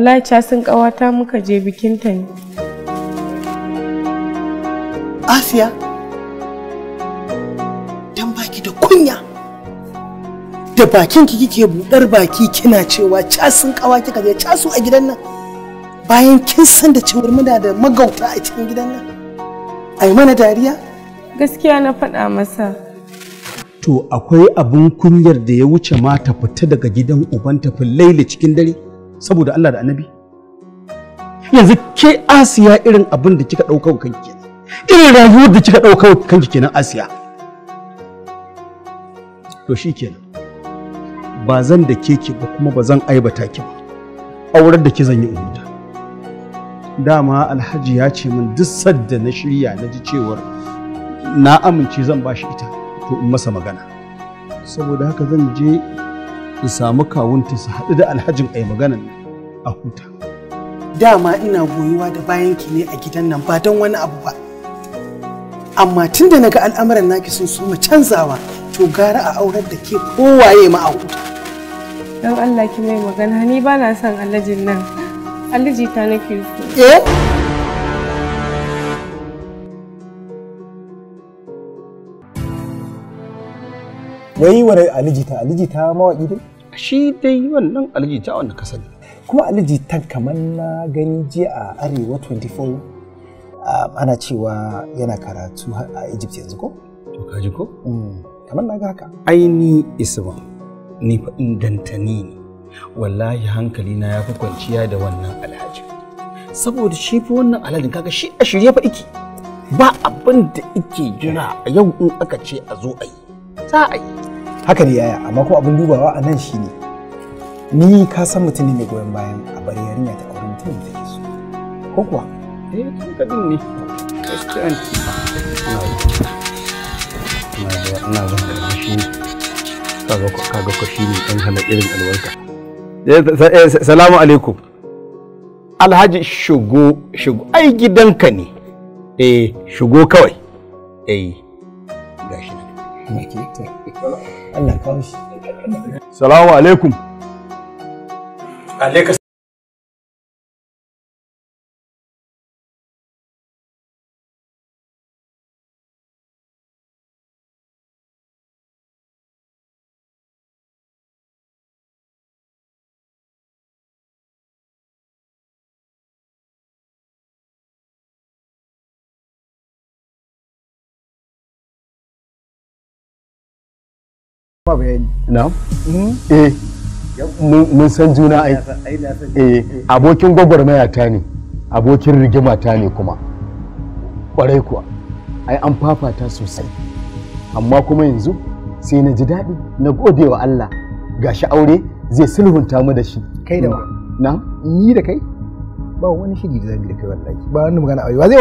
wallahi sun ƙawata muka je bikinta ne afiya dan baki da kunya da bakin ki kike buɗar baki kina cewa sun kawa kika je casu a gidan nan bayan kin san da cewar muna da magauta a cikin gidan nan ai mana dariya gaskiya na faɗa masa to akwai abin kunyar da ya wuce ma ta fita daga gidan ubanta laila cikin dare saboda Allah da annabi yanzu ke asiya irin abin da kika ɗauka kanki kenan irin rayuwar da kika ɗauka kanki kenan asiya to shi kenan ba zan da ke ki ba kuma ba zan aibata ki ba aurar da ki zan yi umuta dama alhaji ya ce min duk sadda na shirya na ji cewar na amince zan ba shi ita to in masa magana saboda haka zan je su samu kawunta su haɗu da alhajin ai maganan a huta dama ina goyuwa da bayan ki ne a gidan nan ba don wani abu ba amma tun da naga al'amuran naki sun suma canzawa to gara a aurar da ke kowaye ma a huta don Allah ki mai magana ni ba na son alhajin nan alhaji ta nake so eh wai wani alijita alijita mawaƙi dai shi dai wannan alhaji ta wanda ka sani kuma aliji ta kamar na gani jiya a arewa 24 ana cewa yana karatu a egypt yanzu ko to kaji ko mm, kamar na ga haka aini isma ni fa dantani ne wallahi hankali na ya fi kwanciya da wannan alhaji saboda shi fi wannan alhajin kaga shi a shirye fa iki ba abinda da ike jira a yau in aka ce a zo a yi za a yi haka ne yaya amma kuma abin dubawa a nan shine ni ka san mutum ne mai goyon bayan a bari yarinya ta aure mutum da take so ko kuwa eh kadin ne gaskiya ina da shi kaga ko dan hana irin alwarka eh, eh, salamu alaikum alhaji shigo shigo ai gidanka ne eh shigo kawai eh gashi ne Allah kawo shi. Salamu alaikum. Alaikas. na mm-hmm. eh mun san juna ai eh abokin gwagwarmaya ta ne abokin rigima ta ne kuma kwarai kuwa ai an fafata sosai amma kuma yanzu sai na ji daɗi na gode wa Allah gashi aure zai sulhunta mu da shi kai da ba. na ni da kai ba wani shigi da zamu da kai wallahi ba wani magana aure wa zai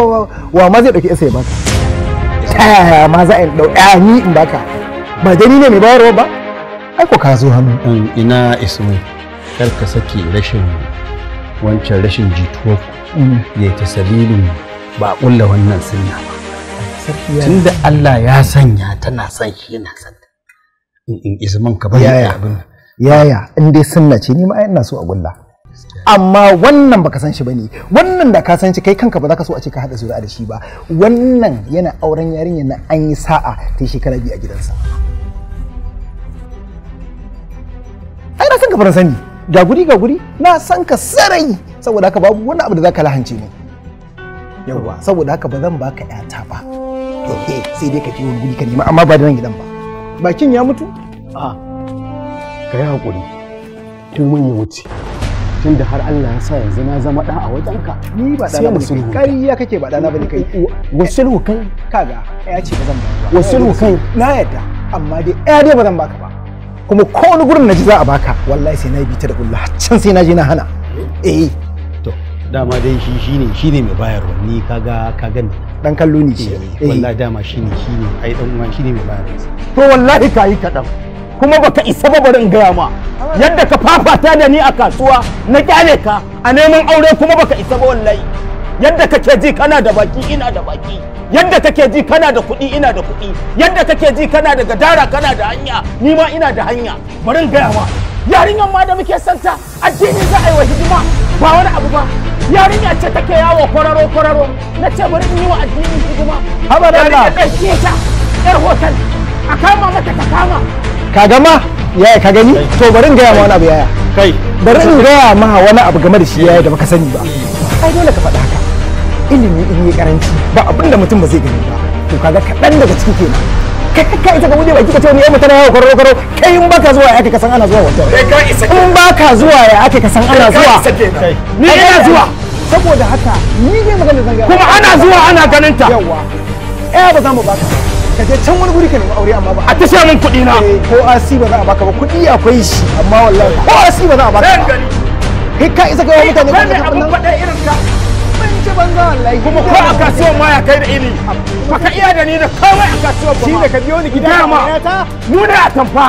wa ma zai ɗauki isa ya baka ta ma za a dau ni in baka ba gani ne mai bayarwa ba ai ko ka zo hannu ina ismai kar ka saki rashin wancan rashin jituwa mm. ya ta sabilin ba kulla wannan sunna ba tunda Allah ya sanya tana son shi yana son in isman ka abin yaya in dai sunna ce ni ma ina so a gulla amma wannan baka san shi bane wannan da ka san shi kai kanka ba za ka so a ce ka hada zuri'a da shi ba wannan yana auren yarinyar na an yi sa'a ta shekara biyu a gidansa ai na san ka fara sani ga guri guri na san ka sarai saboda haka babu wani abu da za ka lahance ni yawwa saboda haka ba zan baka yata ba to eh sai dai ka je wani guri ka nema amma ba da nan gidan ba bakin ya mutu a ka yi hakuri tun mun ya wuce tun da har Allah ya sa yanzu na zama ɗan a wajenka ni ba ɗana ba ne kai ya kake ba ɗana ba ne kai wasulhu kai kaga ya ce ba zan ba wasulhu kai na yadda amma dai ya dai ba zan baka ba kuma ko wani gurin na ji za a baka wallahi sai na yi bita da kulla can sai na je na hana eh to dama dai shi shine shine mai bayarwa ni kaga kaga ni dan kallo eh, eh. ne shi wallahi dama shine shine ai dan uwan shine mai bayarwa to wallahi kai kadan kuma baka isa ba barin gaya ma yadda ka fafata da ni a kasuwa na kyale ka a neman aure kuma baka isa ba wallahi yadda kake ji kana da baki ina da baki yadda kake ji kana da kuɗi ina da kuɗi yadda kake ji kana da gadara kana da hanya ni ma ina da hanya barin gaya ma yarinyar ma da muke santa addini za a yi wa hidima ba wani abu ba yarinya ce take yawo kwararo kwararo na ce bari in yi wa addini hidima haba da Allah yarinya ta yar hotel a kama mata ta kama ka gama yaya ka gani to bari in gaya ma wani abu yaya kai bari in gaya ma wani abu game da shi yaya da baka sani ba eh. ai dole ka faɗa haka ilimi in yi karanci ba abin da mutum ba zai gani ba to kaga kaɗan daga ciki kenan kai ka isa ka guje baki ka ce wani yayi mutane yawo karo karo kai in baka zuwa ake ka san ana zuwa wata kai ka isa in baka zuwa ya ake ka san ana zuwa ni ina zuwa saboda haka ni ne magana zan ga kuma ana zuwa ana ganin ta yawa eh ba za mu baka ka je can wani guri ka nemi aure amma ba a tasha mun kuɗi na eh, ko asi ba za a baka ba kuɗi akwai shi amma wallahi ko asi ba za a baka ba kai ka isa ga mutane ba ne abun faɗa irin ka ban ce banza wallahi kuma ko a kasuwar ma ya kai da ini baka iya da ni da kawai a kasuwar ba shi ne ka biyo ni gida ma mu ne a tamfa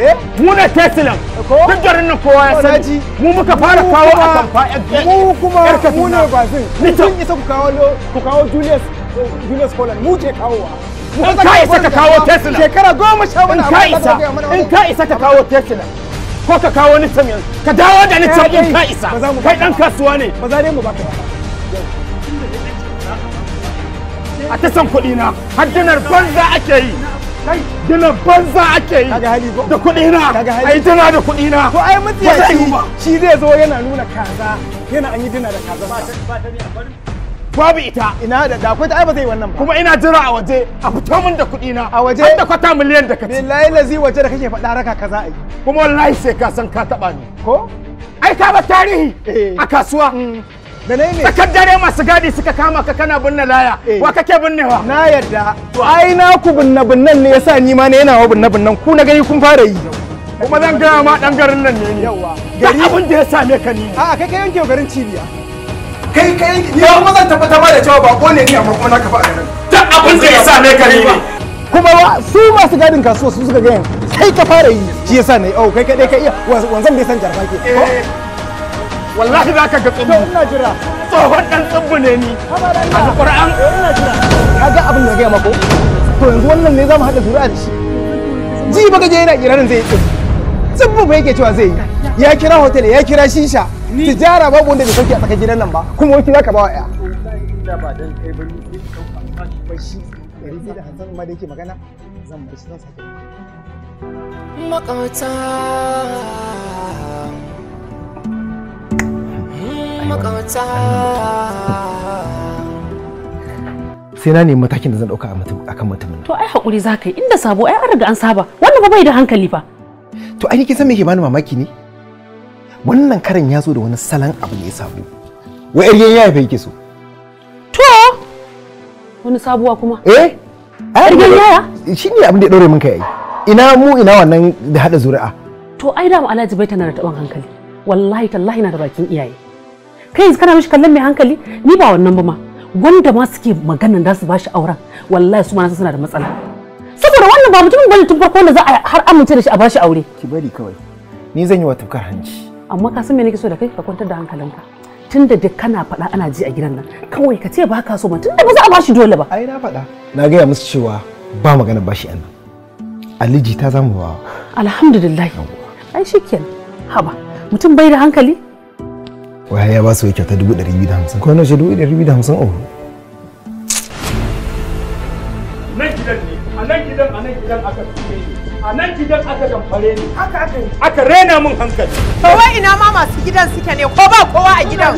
eh? mu ne tesla duk garin nan kowa ya sani mu muka fara kawo a tamfa mu kuma mu ne bazin kun isa ku kawo ku kawo julius eh, julius colon mu ke kawowa in ka isa ka kawo tesla shekara goma sha wani ka isa in ka isa ka kawo tesla ko ka kawo ni yanzu ka dawo da ni in ka isa kai dan kasuwa ne ba za mu baka a ta san kuɗi na haddinar banza ake yi dinar banza ake yi da kuɗi na dina da kuɗi na to ai shi zai zo yana nuna kaza yana an yi dina da kaza ba ta babu ita ina da da kwata ai ba zai wannan ba kuma ina jira a waje a fito min da kuɗi na a waje da kwata miliyan da kace billahi lazi waje da kake faɗa raka kaza ai kuma wallahi sai ka san ka taba ni ko ai ka ba tarihi eh. a kasuwa mm. da ne ne sakar dare masu gadi suka kama ka kana binne laya eh. wa kake binnewa na yarda. ai na ku binne binnan ne yasa ni ma ne yana wa binne binnan ku na gani kun fara yi kuma zan gaya ma dan garin nan ne yawa gari abin da ya same ka ni a'a kai kai yanke garin cibiya kai kai ni kuma zan tabbata ba da cewa bako ne ni amma kuma na kafa a garin duk abin da ya sa ne kare ne kuma su masu gadin kasuwa su suka gaya sai ka fara yi shi yasa ne oh kai kai ka iya wanzan bai san jarfa ke oh. wallahi za ka ga tsubu ina jira tsohon dan tsubu ne ni a alquran eh, ina jira kaga abin da gaya mako to yanzu wannan ne zamu hada zuri'a da shi ji baka je yana kirarin zai yi tsubu tsubu bai yake cewa zai yi ya kira hotel ya kira shisha tijara babu wanda bai sauke a tsakar gidan nan ba kuma wani zaka ba wa ya ba dan kai ba ni shi da ma da yake magana zan bar shi zan sake makauta makauta sai na nemi matakin da zan dauka a kan mutumin to ai hakuri za ka yi inda sabo ai an riga an saba wannan ba bai da hankali ba. to ai kin san me ke bani mamaki ne wannan karin ya zo da wani salon abu ne sabo wa yar ya yafe yake so to wani sabuwa kuma eh yar ya yaya shine abin da ya daure min kai ina mu ina wannan da hada zuri'a to ai da mu Alhaji bai tana da taban hankali wallahi tallahi na da bakin iyaye kai yanzu kana mishi kallon mai hankali ni ba wannan ba ma wanda ma suke maganan da su bashi auren wallahi su ma suna da matsala saboda wannan ba mutumin bane tun farko da za a har amince da shi a bashi aure ki bari kawai ni zan yi wa tukar hanci amma ka san me nake so da kai ka kwantar da hankalinka tun da duk kana faɗa ana ji a gidan nan kawai ka ce ba ka so ma tun da ba za a bashi dole ba ai na faɗa na gaya musu cewa ba magana bashi a nan aliji ta zama ba alhamdulillah ai shikenan haba mutum bai da hankali waya ya ba su kyauta dubu ɗari biyu da hamsin ko na ce dubu ɗari biyu da hamsin oh nan gidan ne a nan gidan a nan gidan aka a nan gidan aka damfare ni haka aka yi aka rena min hankali kawai ina ma masu gidan suke ne ko ba kowa a gidan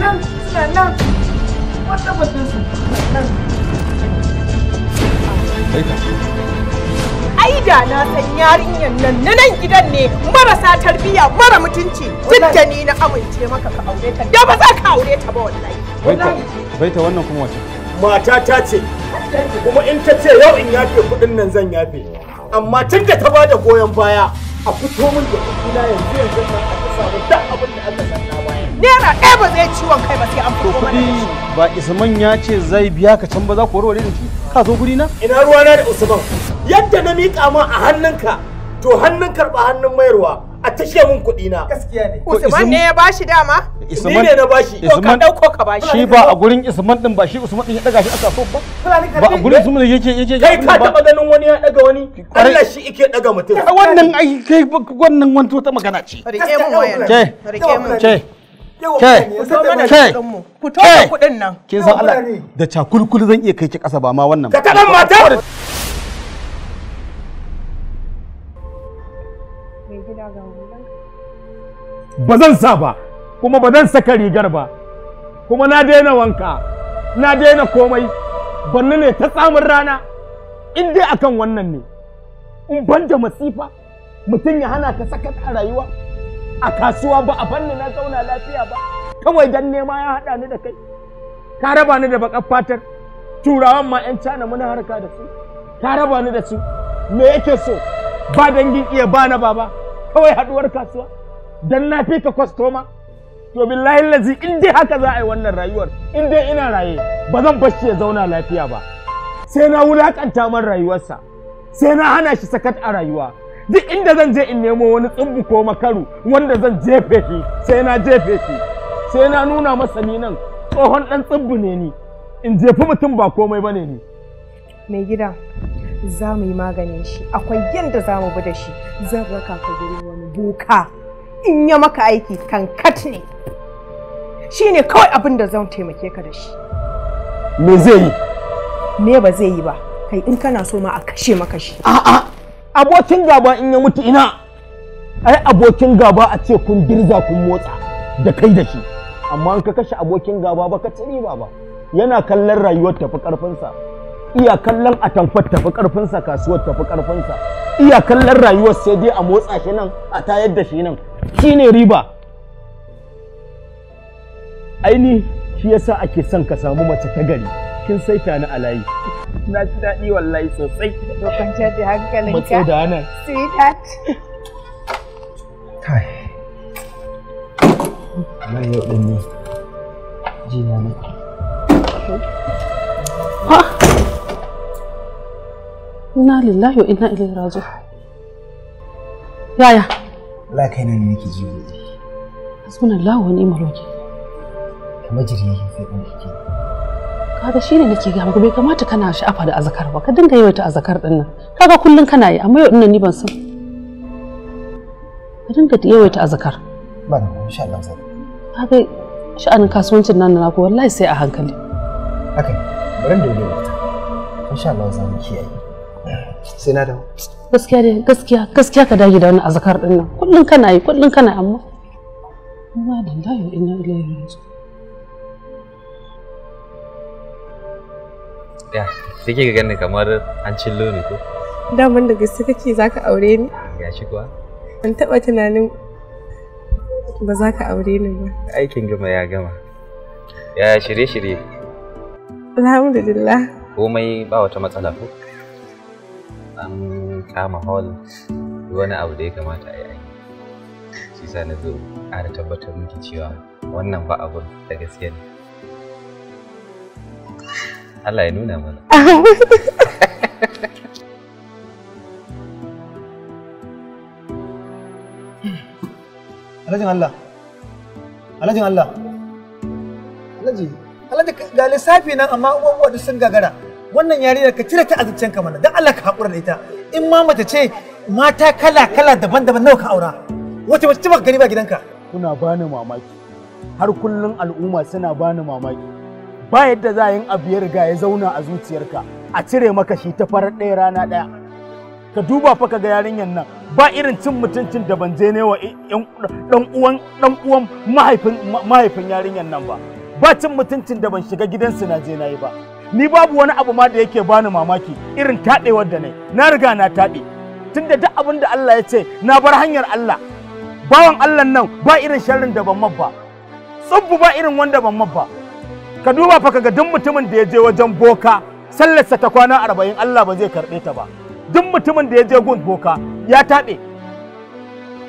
Aida ai da na san yarinyar nan na nan gidan ne marasa tarbiyya mara mutunci duk ni na amince maka ka aure ta da ba za ka aure ta ba wallahi baita wannan kuma wace mata ta ce kuma in ta ce yau in yafe kudin nan zan yafe amma tun da ta bada goyon baya a fito min da kuɗina yanzu yanzu na aka samu duk abin da aka sanna baya naira ɗaya ba zai ciwon kai ba sai an fito mana shi ba isman ya ce zai biya ka can ba za ku warware da shi ka zo guri na ina ruwana da usman yadda na miƙa ma a hannunka to hannun karɓa hannun mayarwa a tashe mun kuɗi na gaskiya ne Usman ne ya bashi dama ni ne na bashi to ka dauko ka bashi shi ba a gurin Usman din ba shi Usman din ya daga shi a so ba ba a gurin Usman yake yake kai ka taba ganin wani ya daga wani Allah shi yake daga mutum wannan ai kai wannan wanto ta magana ce rike mun wayan ke rike mun ke ke fito da kuɗin nan kin san Allah da cakulkul zan iya kai ki ƙasa ba ma wannan ka taɓa mata ba zan sa ba kuma ba zan saka rigar ba kuma na daina wanka na daina komai banne ne ta tsamin rana in dai akan wannan ne in ban da masifa mutum ya hana ta saka a rayuwa a kasuwa ba a fanni na zauna lafiya ba kawai dan nema ya haɗa ni da kai ka raba ni da bakar fatar turawan ma 'yan cana muna harka da su ka raba ni da su me yake so ba dangin iya bana baba kawai haduwar kasuwa dan na fi ka kwastoma to billahi lazi in dai haka za a yi wannan rayuwar in dai ina raye ba zan bashi ya zauna lafiya ba sai na wulakanta man rayuwarsa sai na hana shi sakat a rayuwa duk inda zan je in nemo wani tsumbu ko makaru wanda zan jefe shi sai na jefe shi sai na nuna masa ni nan tsohon dan tsumbu ne ni in jefi mutum ba komai bane ni mai gida za mu yi maganin shi akwai yadda za mu bi da shi zan raka ka gurin wani boka in ya maka aiki kankat ne shi ne kawai abin da zan taimake ka da shi me zai yi me ba zai yi ba kai in kana so ma a kashe maka shi a'a abokin gaba in ya mutu ina ai abokin gaba a ce kun girza kun motsa da kai da shi amma in ka kashe abokin gaba ba ka ci ba yana kallon rayuwar tafi karfinsa iya kallon atamfar tafi karfinsa kasuwar tafi karfinsa iya kallon rayuwar sai dai a motsa shi nan a tayar da shi nan shine riba aini shi yasa ake son ka samu mace ta gari kin saita ni a layi na ji daɗi wallahi sosai to kwanciyar da hankalinka matsa da nan sweetheart kai Allah ya ɗin ji na Inna lillahi wa inna ilaihi raji'un. Yaya? Allah kai nan nake ji gobe. Hasbunallahu wa ni'mal maroki. Kamar jiri yake sai dan kike. Kaga shine nake ga maka bai kamata kana sha'afa da azkar ba. Ka dinga yawaita azkar din nan. Kaga kullun kana yi amma yau din nan ni ban san. Ka dinga yawaita azkar. Ba da insha Allah zan. Kaga sha'anin kasuwancin nan na ko wallahi sai a hankali. Haka bari da wuri wata. Insha Allah za mu kiyaye. sai na dawo gaskiya dai gaskiya gaskiya ka dage da wannan azkar din nan kullun kana yi kullun kana amma amma dan dayo ina ilahi yanzu ya sai kika ganin kamar an cillo ne ko da mun da gaske kake ka aure ni ya shi kuwa ban taɓa tunanin ba za ka aure ni ba aikin gama ya gama ya shirye-shirye alhamdulillah komai ba wata matsala ko an kama hall wani abu da ya kamata a yi shi sa na zo ƙara tabbatar miki cewa wannan ba abun da gaskiya ne Allah ya nuna mana Alhajin Allah Alhajin Allah Alhaji Alhaji ga lissafi nan amma uwa uwa sun gagara wannan yarinyar ka cire ta azuccen ka mana dan Allah ka hakura da ita in ma mace ce mata kala kala daban-daban nawa ka aura wace mace ce baka gani ba gidanka kuna bani mamaki har kullun al'umma suna bani mamaki ba yadda za yin abu ya riga ya zauna a zuciyarka a cire maka shi ta farar ɗaya rana daya ka duba fa ka ga yarinyar nan ba irin cin mutuncin da ban je ne wa dan uwan dan uwan mahaifin mahaifin yarinyar nan ba ba cin mutuncin da ban shiga gidansu na je na yi ba ni babu wani abu ma da yake bani mamaki irin taɗewar da ne. na riga na taɗe tunda duk abin da Allah ya ce na bar hanyar Allah bawan Allah nan ba irin sharrin da ban mabba tsubbu ba irin wanda ban mabba ka duba fa kaga duk mutumin da ya je wajen boka sallarsa ta kwana arba'in Allah ba zai karɓe ta ba duk mutumin da ya je gun boka ya taɓe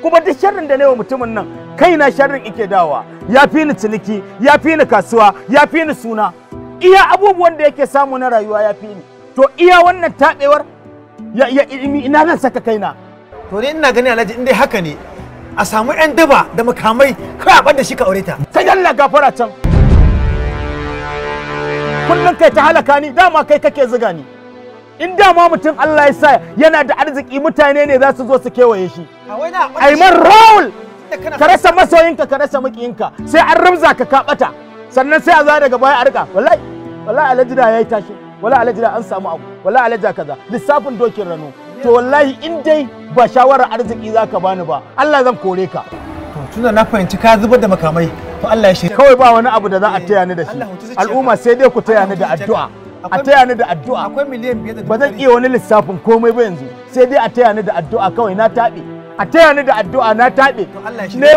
kuma duk sharrin da ne wa mutumin nan kaina sharrin ike dawa ya fi ni ciniki ya fi ni kasuwa ya fi ni suna iya abubuwan da yake samu na rayuwa ya fi ni to iya wannan taɓewar ina zan saka kaina to ni ina gani alhaji dai haka ne a samu yan daba da makamai kai a da shi ka aure ta kai Allah gafara can kullum kai ta halaka ni dama kai kake zuga ni in dama mutum Allah ya sa yana da arziki mutane ne za su zo su kewaye shi ai man rawul ka rasa masoyinka ka rasa makiyinka sai an ramza ka ka sannan sai a za daga baya a rika wallahi wallahi alhaji da yayi tashi wallahi alhaji da an samu abu wallahi alhaji kaza lissafin dokin rano to wallahi in dai ba shawarar arziki zaka bani ba Allah zan kore ka to tunda na fahimci ka zubar da makamai to Allah ya shi kawai ba wani abu da za a taya ni da shi al'umma sai dai ku taya ni da addu'a a taya ni da addu'a akwai miliyan biyar da ba zan iya wani lissafin komai ba yanzu sai dai a taya ni da addu'a kawai na taɓe a taya ni da addu'a na taɓe ne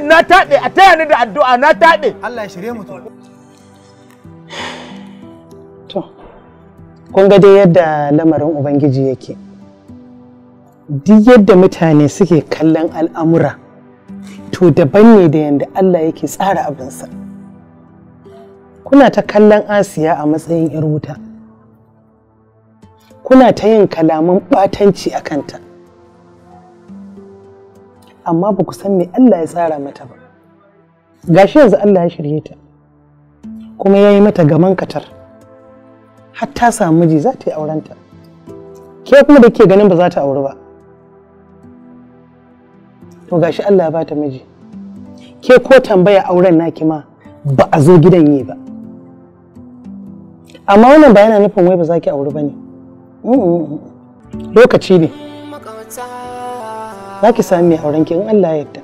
na taɓe a taya ni da addu'a na taɓe Allah ya shirye mu to kun ga dai yadda lamarin ubangiji yake duk yadda mutane suke kallon al'amura to daban ne da yadda Allah yake tsara abinsa kuna ta kallon asiya a matsayin 'yar wuta kuna ta yin kalaman ɓatanci a kanta amma ba ku san me Allah ya tsara mata ba gashi yanzu Allah ya shirye ta kuma ya yi mata gaman katar har ta samu miji za ta yi aurenta ke kuma da ke ganin ba za ta auri ba to gashi Allah ya ba ta miji ke ko tambaya auren naki ma ba a zo gidan yi ba amma wannan ba yana nufin wai ba za ki auri ba ne lokaci ne za ki sami mai auren ki in Allah ya yarda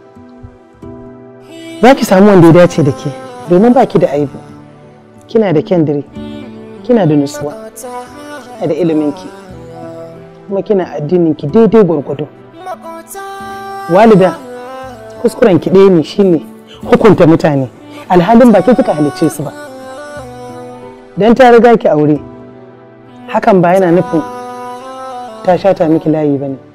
za ki samu wanda ya dace da ke domin ba ki da aibu kina da kyandiri kina da nutsuwa kina da ilimin ki kuma kina addinin ki daidai gwargwado walida kuskuren ki ɗaya ne shine hukunta mutane alhalin baki kika halicce su ba dan ta riga ki aure hakan ba yana nufin ta shata miki layi bane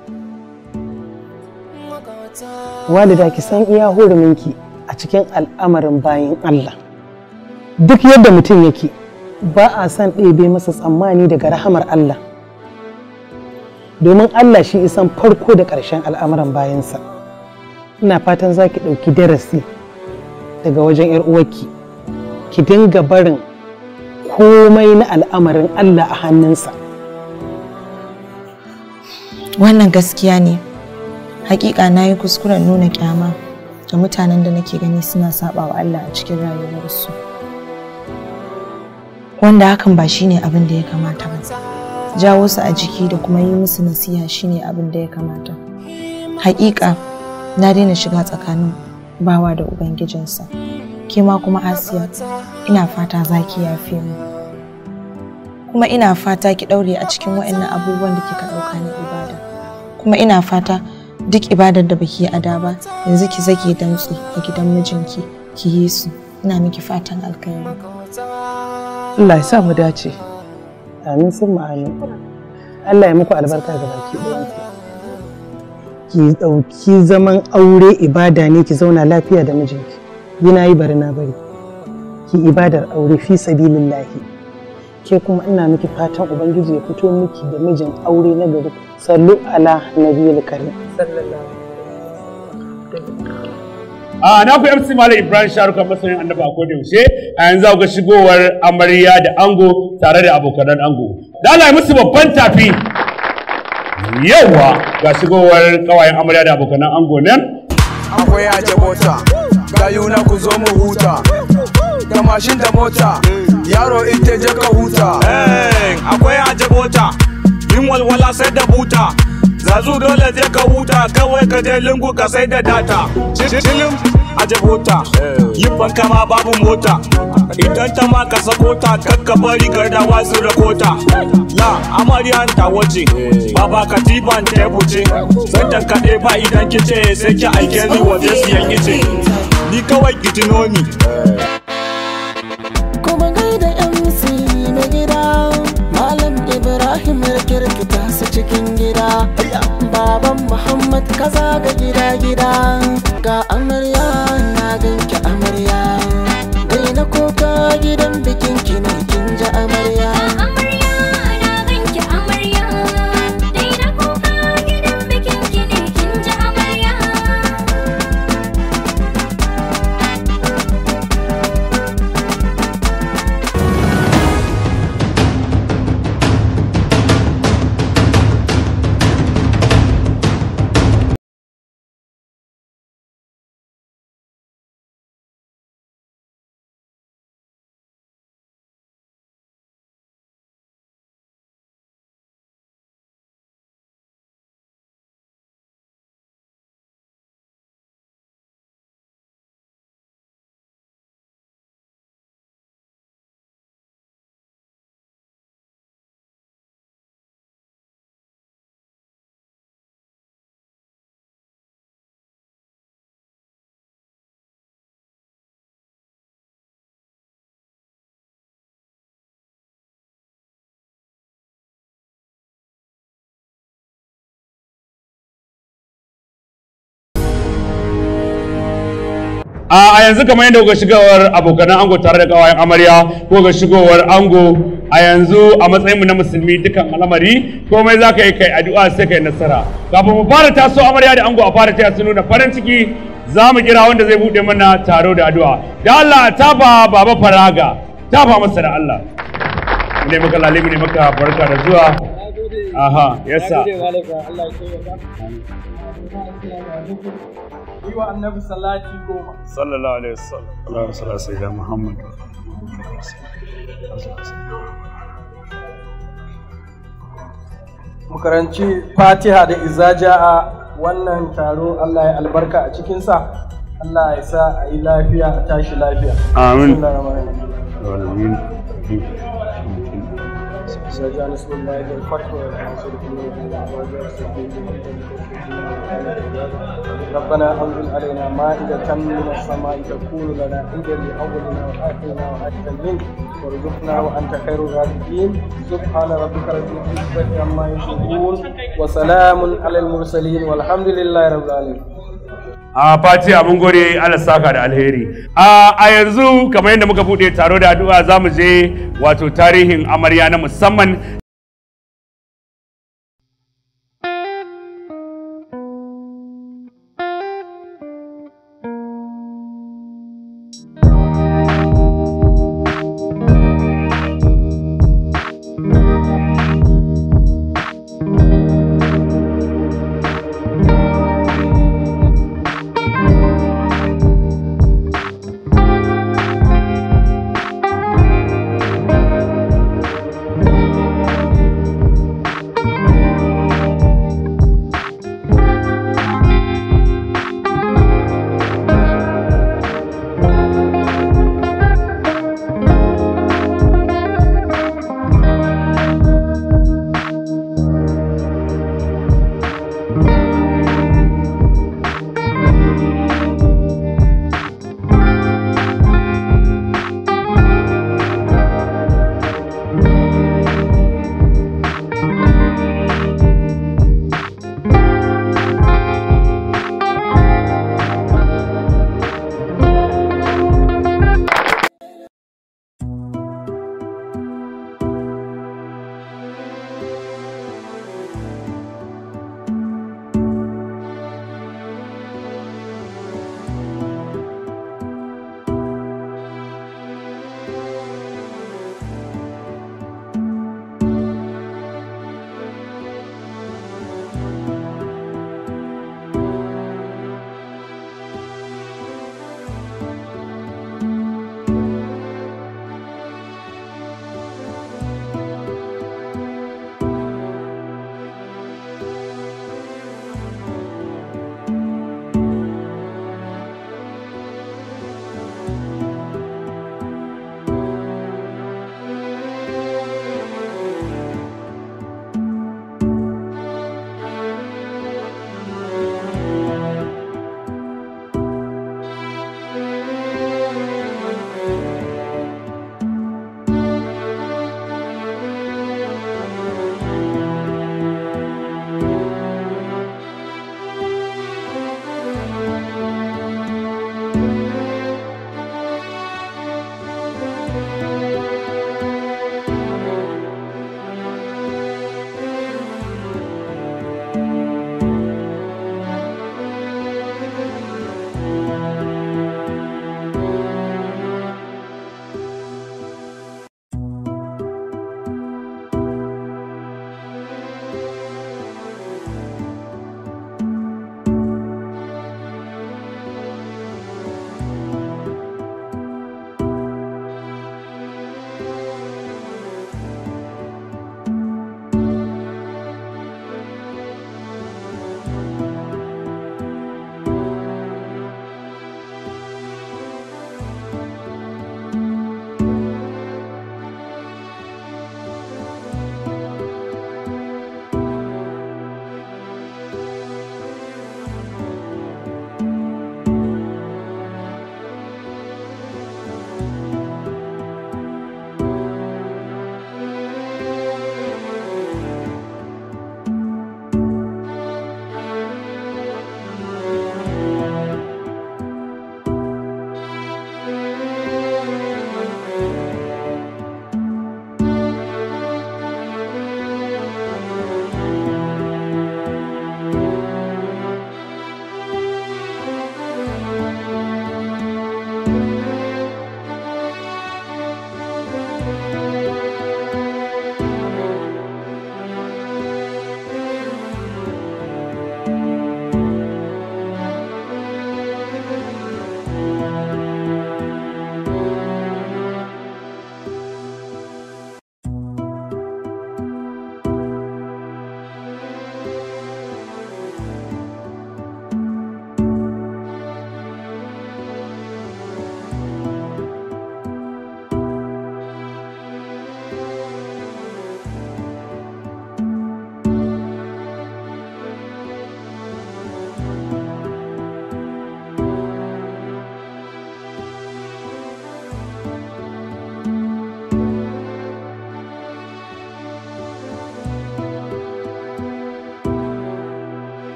walida ki san iya huruminki a cikin al'amarin bayan Allah duk yadda mutum yake ba a san ɗebe masa tsammani daga rahamar Allah domin Allah shi isan farko da ƙarshen al'amuran bayansa ina fatan za ki ɗauki darasi daga wajen 'yar uwarki ki dinga barin komai na al'amarin Allah a hannunsa wannan gaskiya ne hakika na yi kuskuren nuna kyama ga mutanen da nake gani suna saba wa Allah a cikin rayuwarsu wanda hakan ba shine abin da ya kamata ba jawo su a jiki da kuma yi musu nasiha shine abin da ya kamata hakika na daina shiga tsakanin bawa da ubangijinsa ke ma kuma asiya ina fata za ki yafe mu kuma ina fata ki daure a cikin waɗannan abubuwan da kika ɗauka na ibada kuma ina fata duk ibadar da baki a da ba yanzu ki zake dantsu a gidan mijinki ki yi su ina miki fatan alkhairi Allah ya sa mu dace amin sun amin Allah ya muku albarka ga baki ki ɗauki zaman aure ibada ne ki zauna lafiya da mijinki yi yi bari na bari ki ibadar aure fi sabilillahi ke kuma ina miki fatan ubangiji ya fito miki da mijin aure na gari sallu ala nabiyil karim a ah, na ku MC Malam Ibrahim Sharuka masanin annabi a koda yaushe a yanzu ga shigowar amarya da ango tare da abokan ango lalai musu babban tafi yawa ga shigowar kawayen amarya da abokan ango nan ango ya jabota gayuna ku zo mu huta da mashin da mota yaro in ta je ka huta eh, akwai aje mota yin walwala sai da buta zazu dole je ka huta kawai ka je lungu ka sai da data shilim aje mota Yi banka ma babu mota idan ta ma ka sako ta kakka bari gardawa su rakota la amarya ta waje baba katiban ta buce ka kaɗe ba idan kice sai ki aike ni waje siyan ice ni kawai kitinoni ni Ibrahim ya kirkita su cikin gida Baban Muhammad ka zaga gida-gida Ga amarya na ganki amarya Dai na kuka gidan biki a yanzu kamar yadda kuka shigowar abokanan ango tare da kawayen amarya ko ga shigowar ango a yanzu a matsayin mu na musulmi dukan al'amari komai za ka yi kai addu'a sai kai nasara kafin mu fara taso amarya da ango a fara taya su nuna farin ciki za mu kira wanda zai buɗe mana taro da addu'a da Allah ta ba baba faraga ta ba masa da Allah ne maka lalimi ne maka barka da zuwa aha yasa yi wa annabi salati sallallahu alaihi wasallam Fatiha da izaja a wannan taro Allah ya albarka a cikinsa Allah ya sa a yi lafiya a tashi lafiya amin amin والحاصل ربنا انزل علينا مائدة من السماء تكون لنا عيدا لاولنا واخرنا واجلا منك وارزقنا وانت خير الرازقين سبحان ربك رب العزة عما يصفون وسلام على المرسلين والحمد لله رب العالمين a fatiya mun gode ala saka da alheri a yanzu kamar yadda muka bude taro da addu'a zamu je wato tarihin amarya na musamman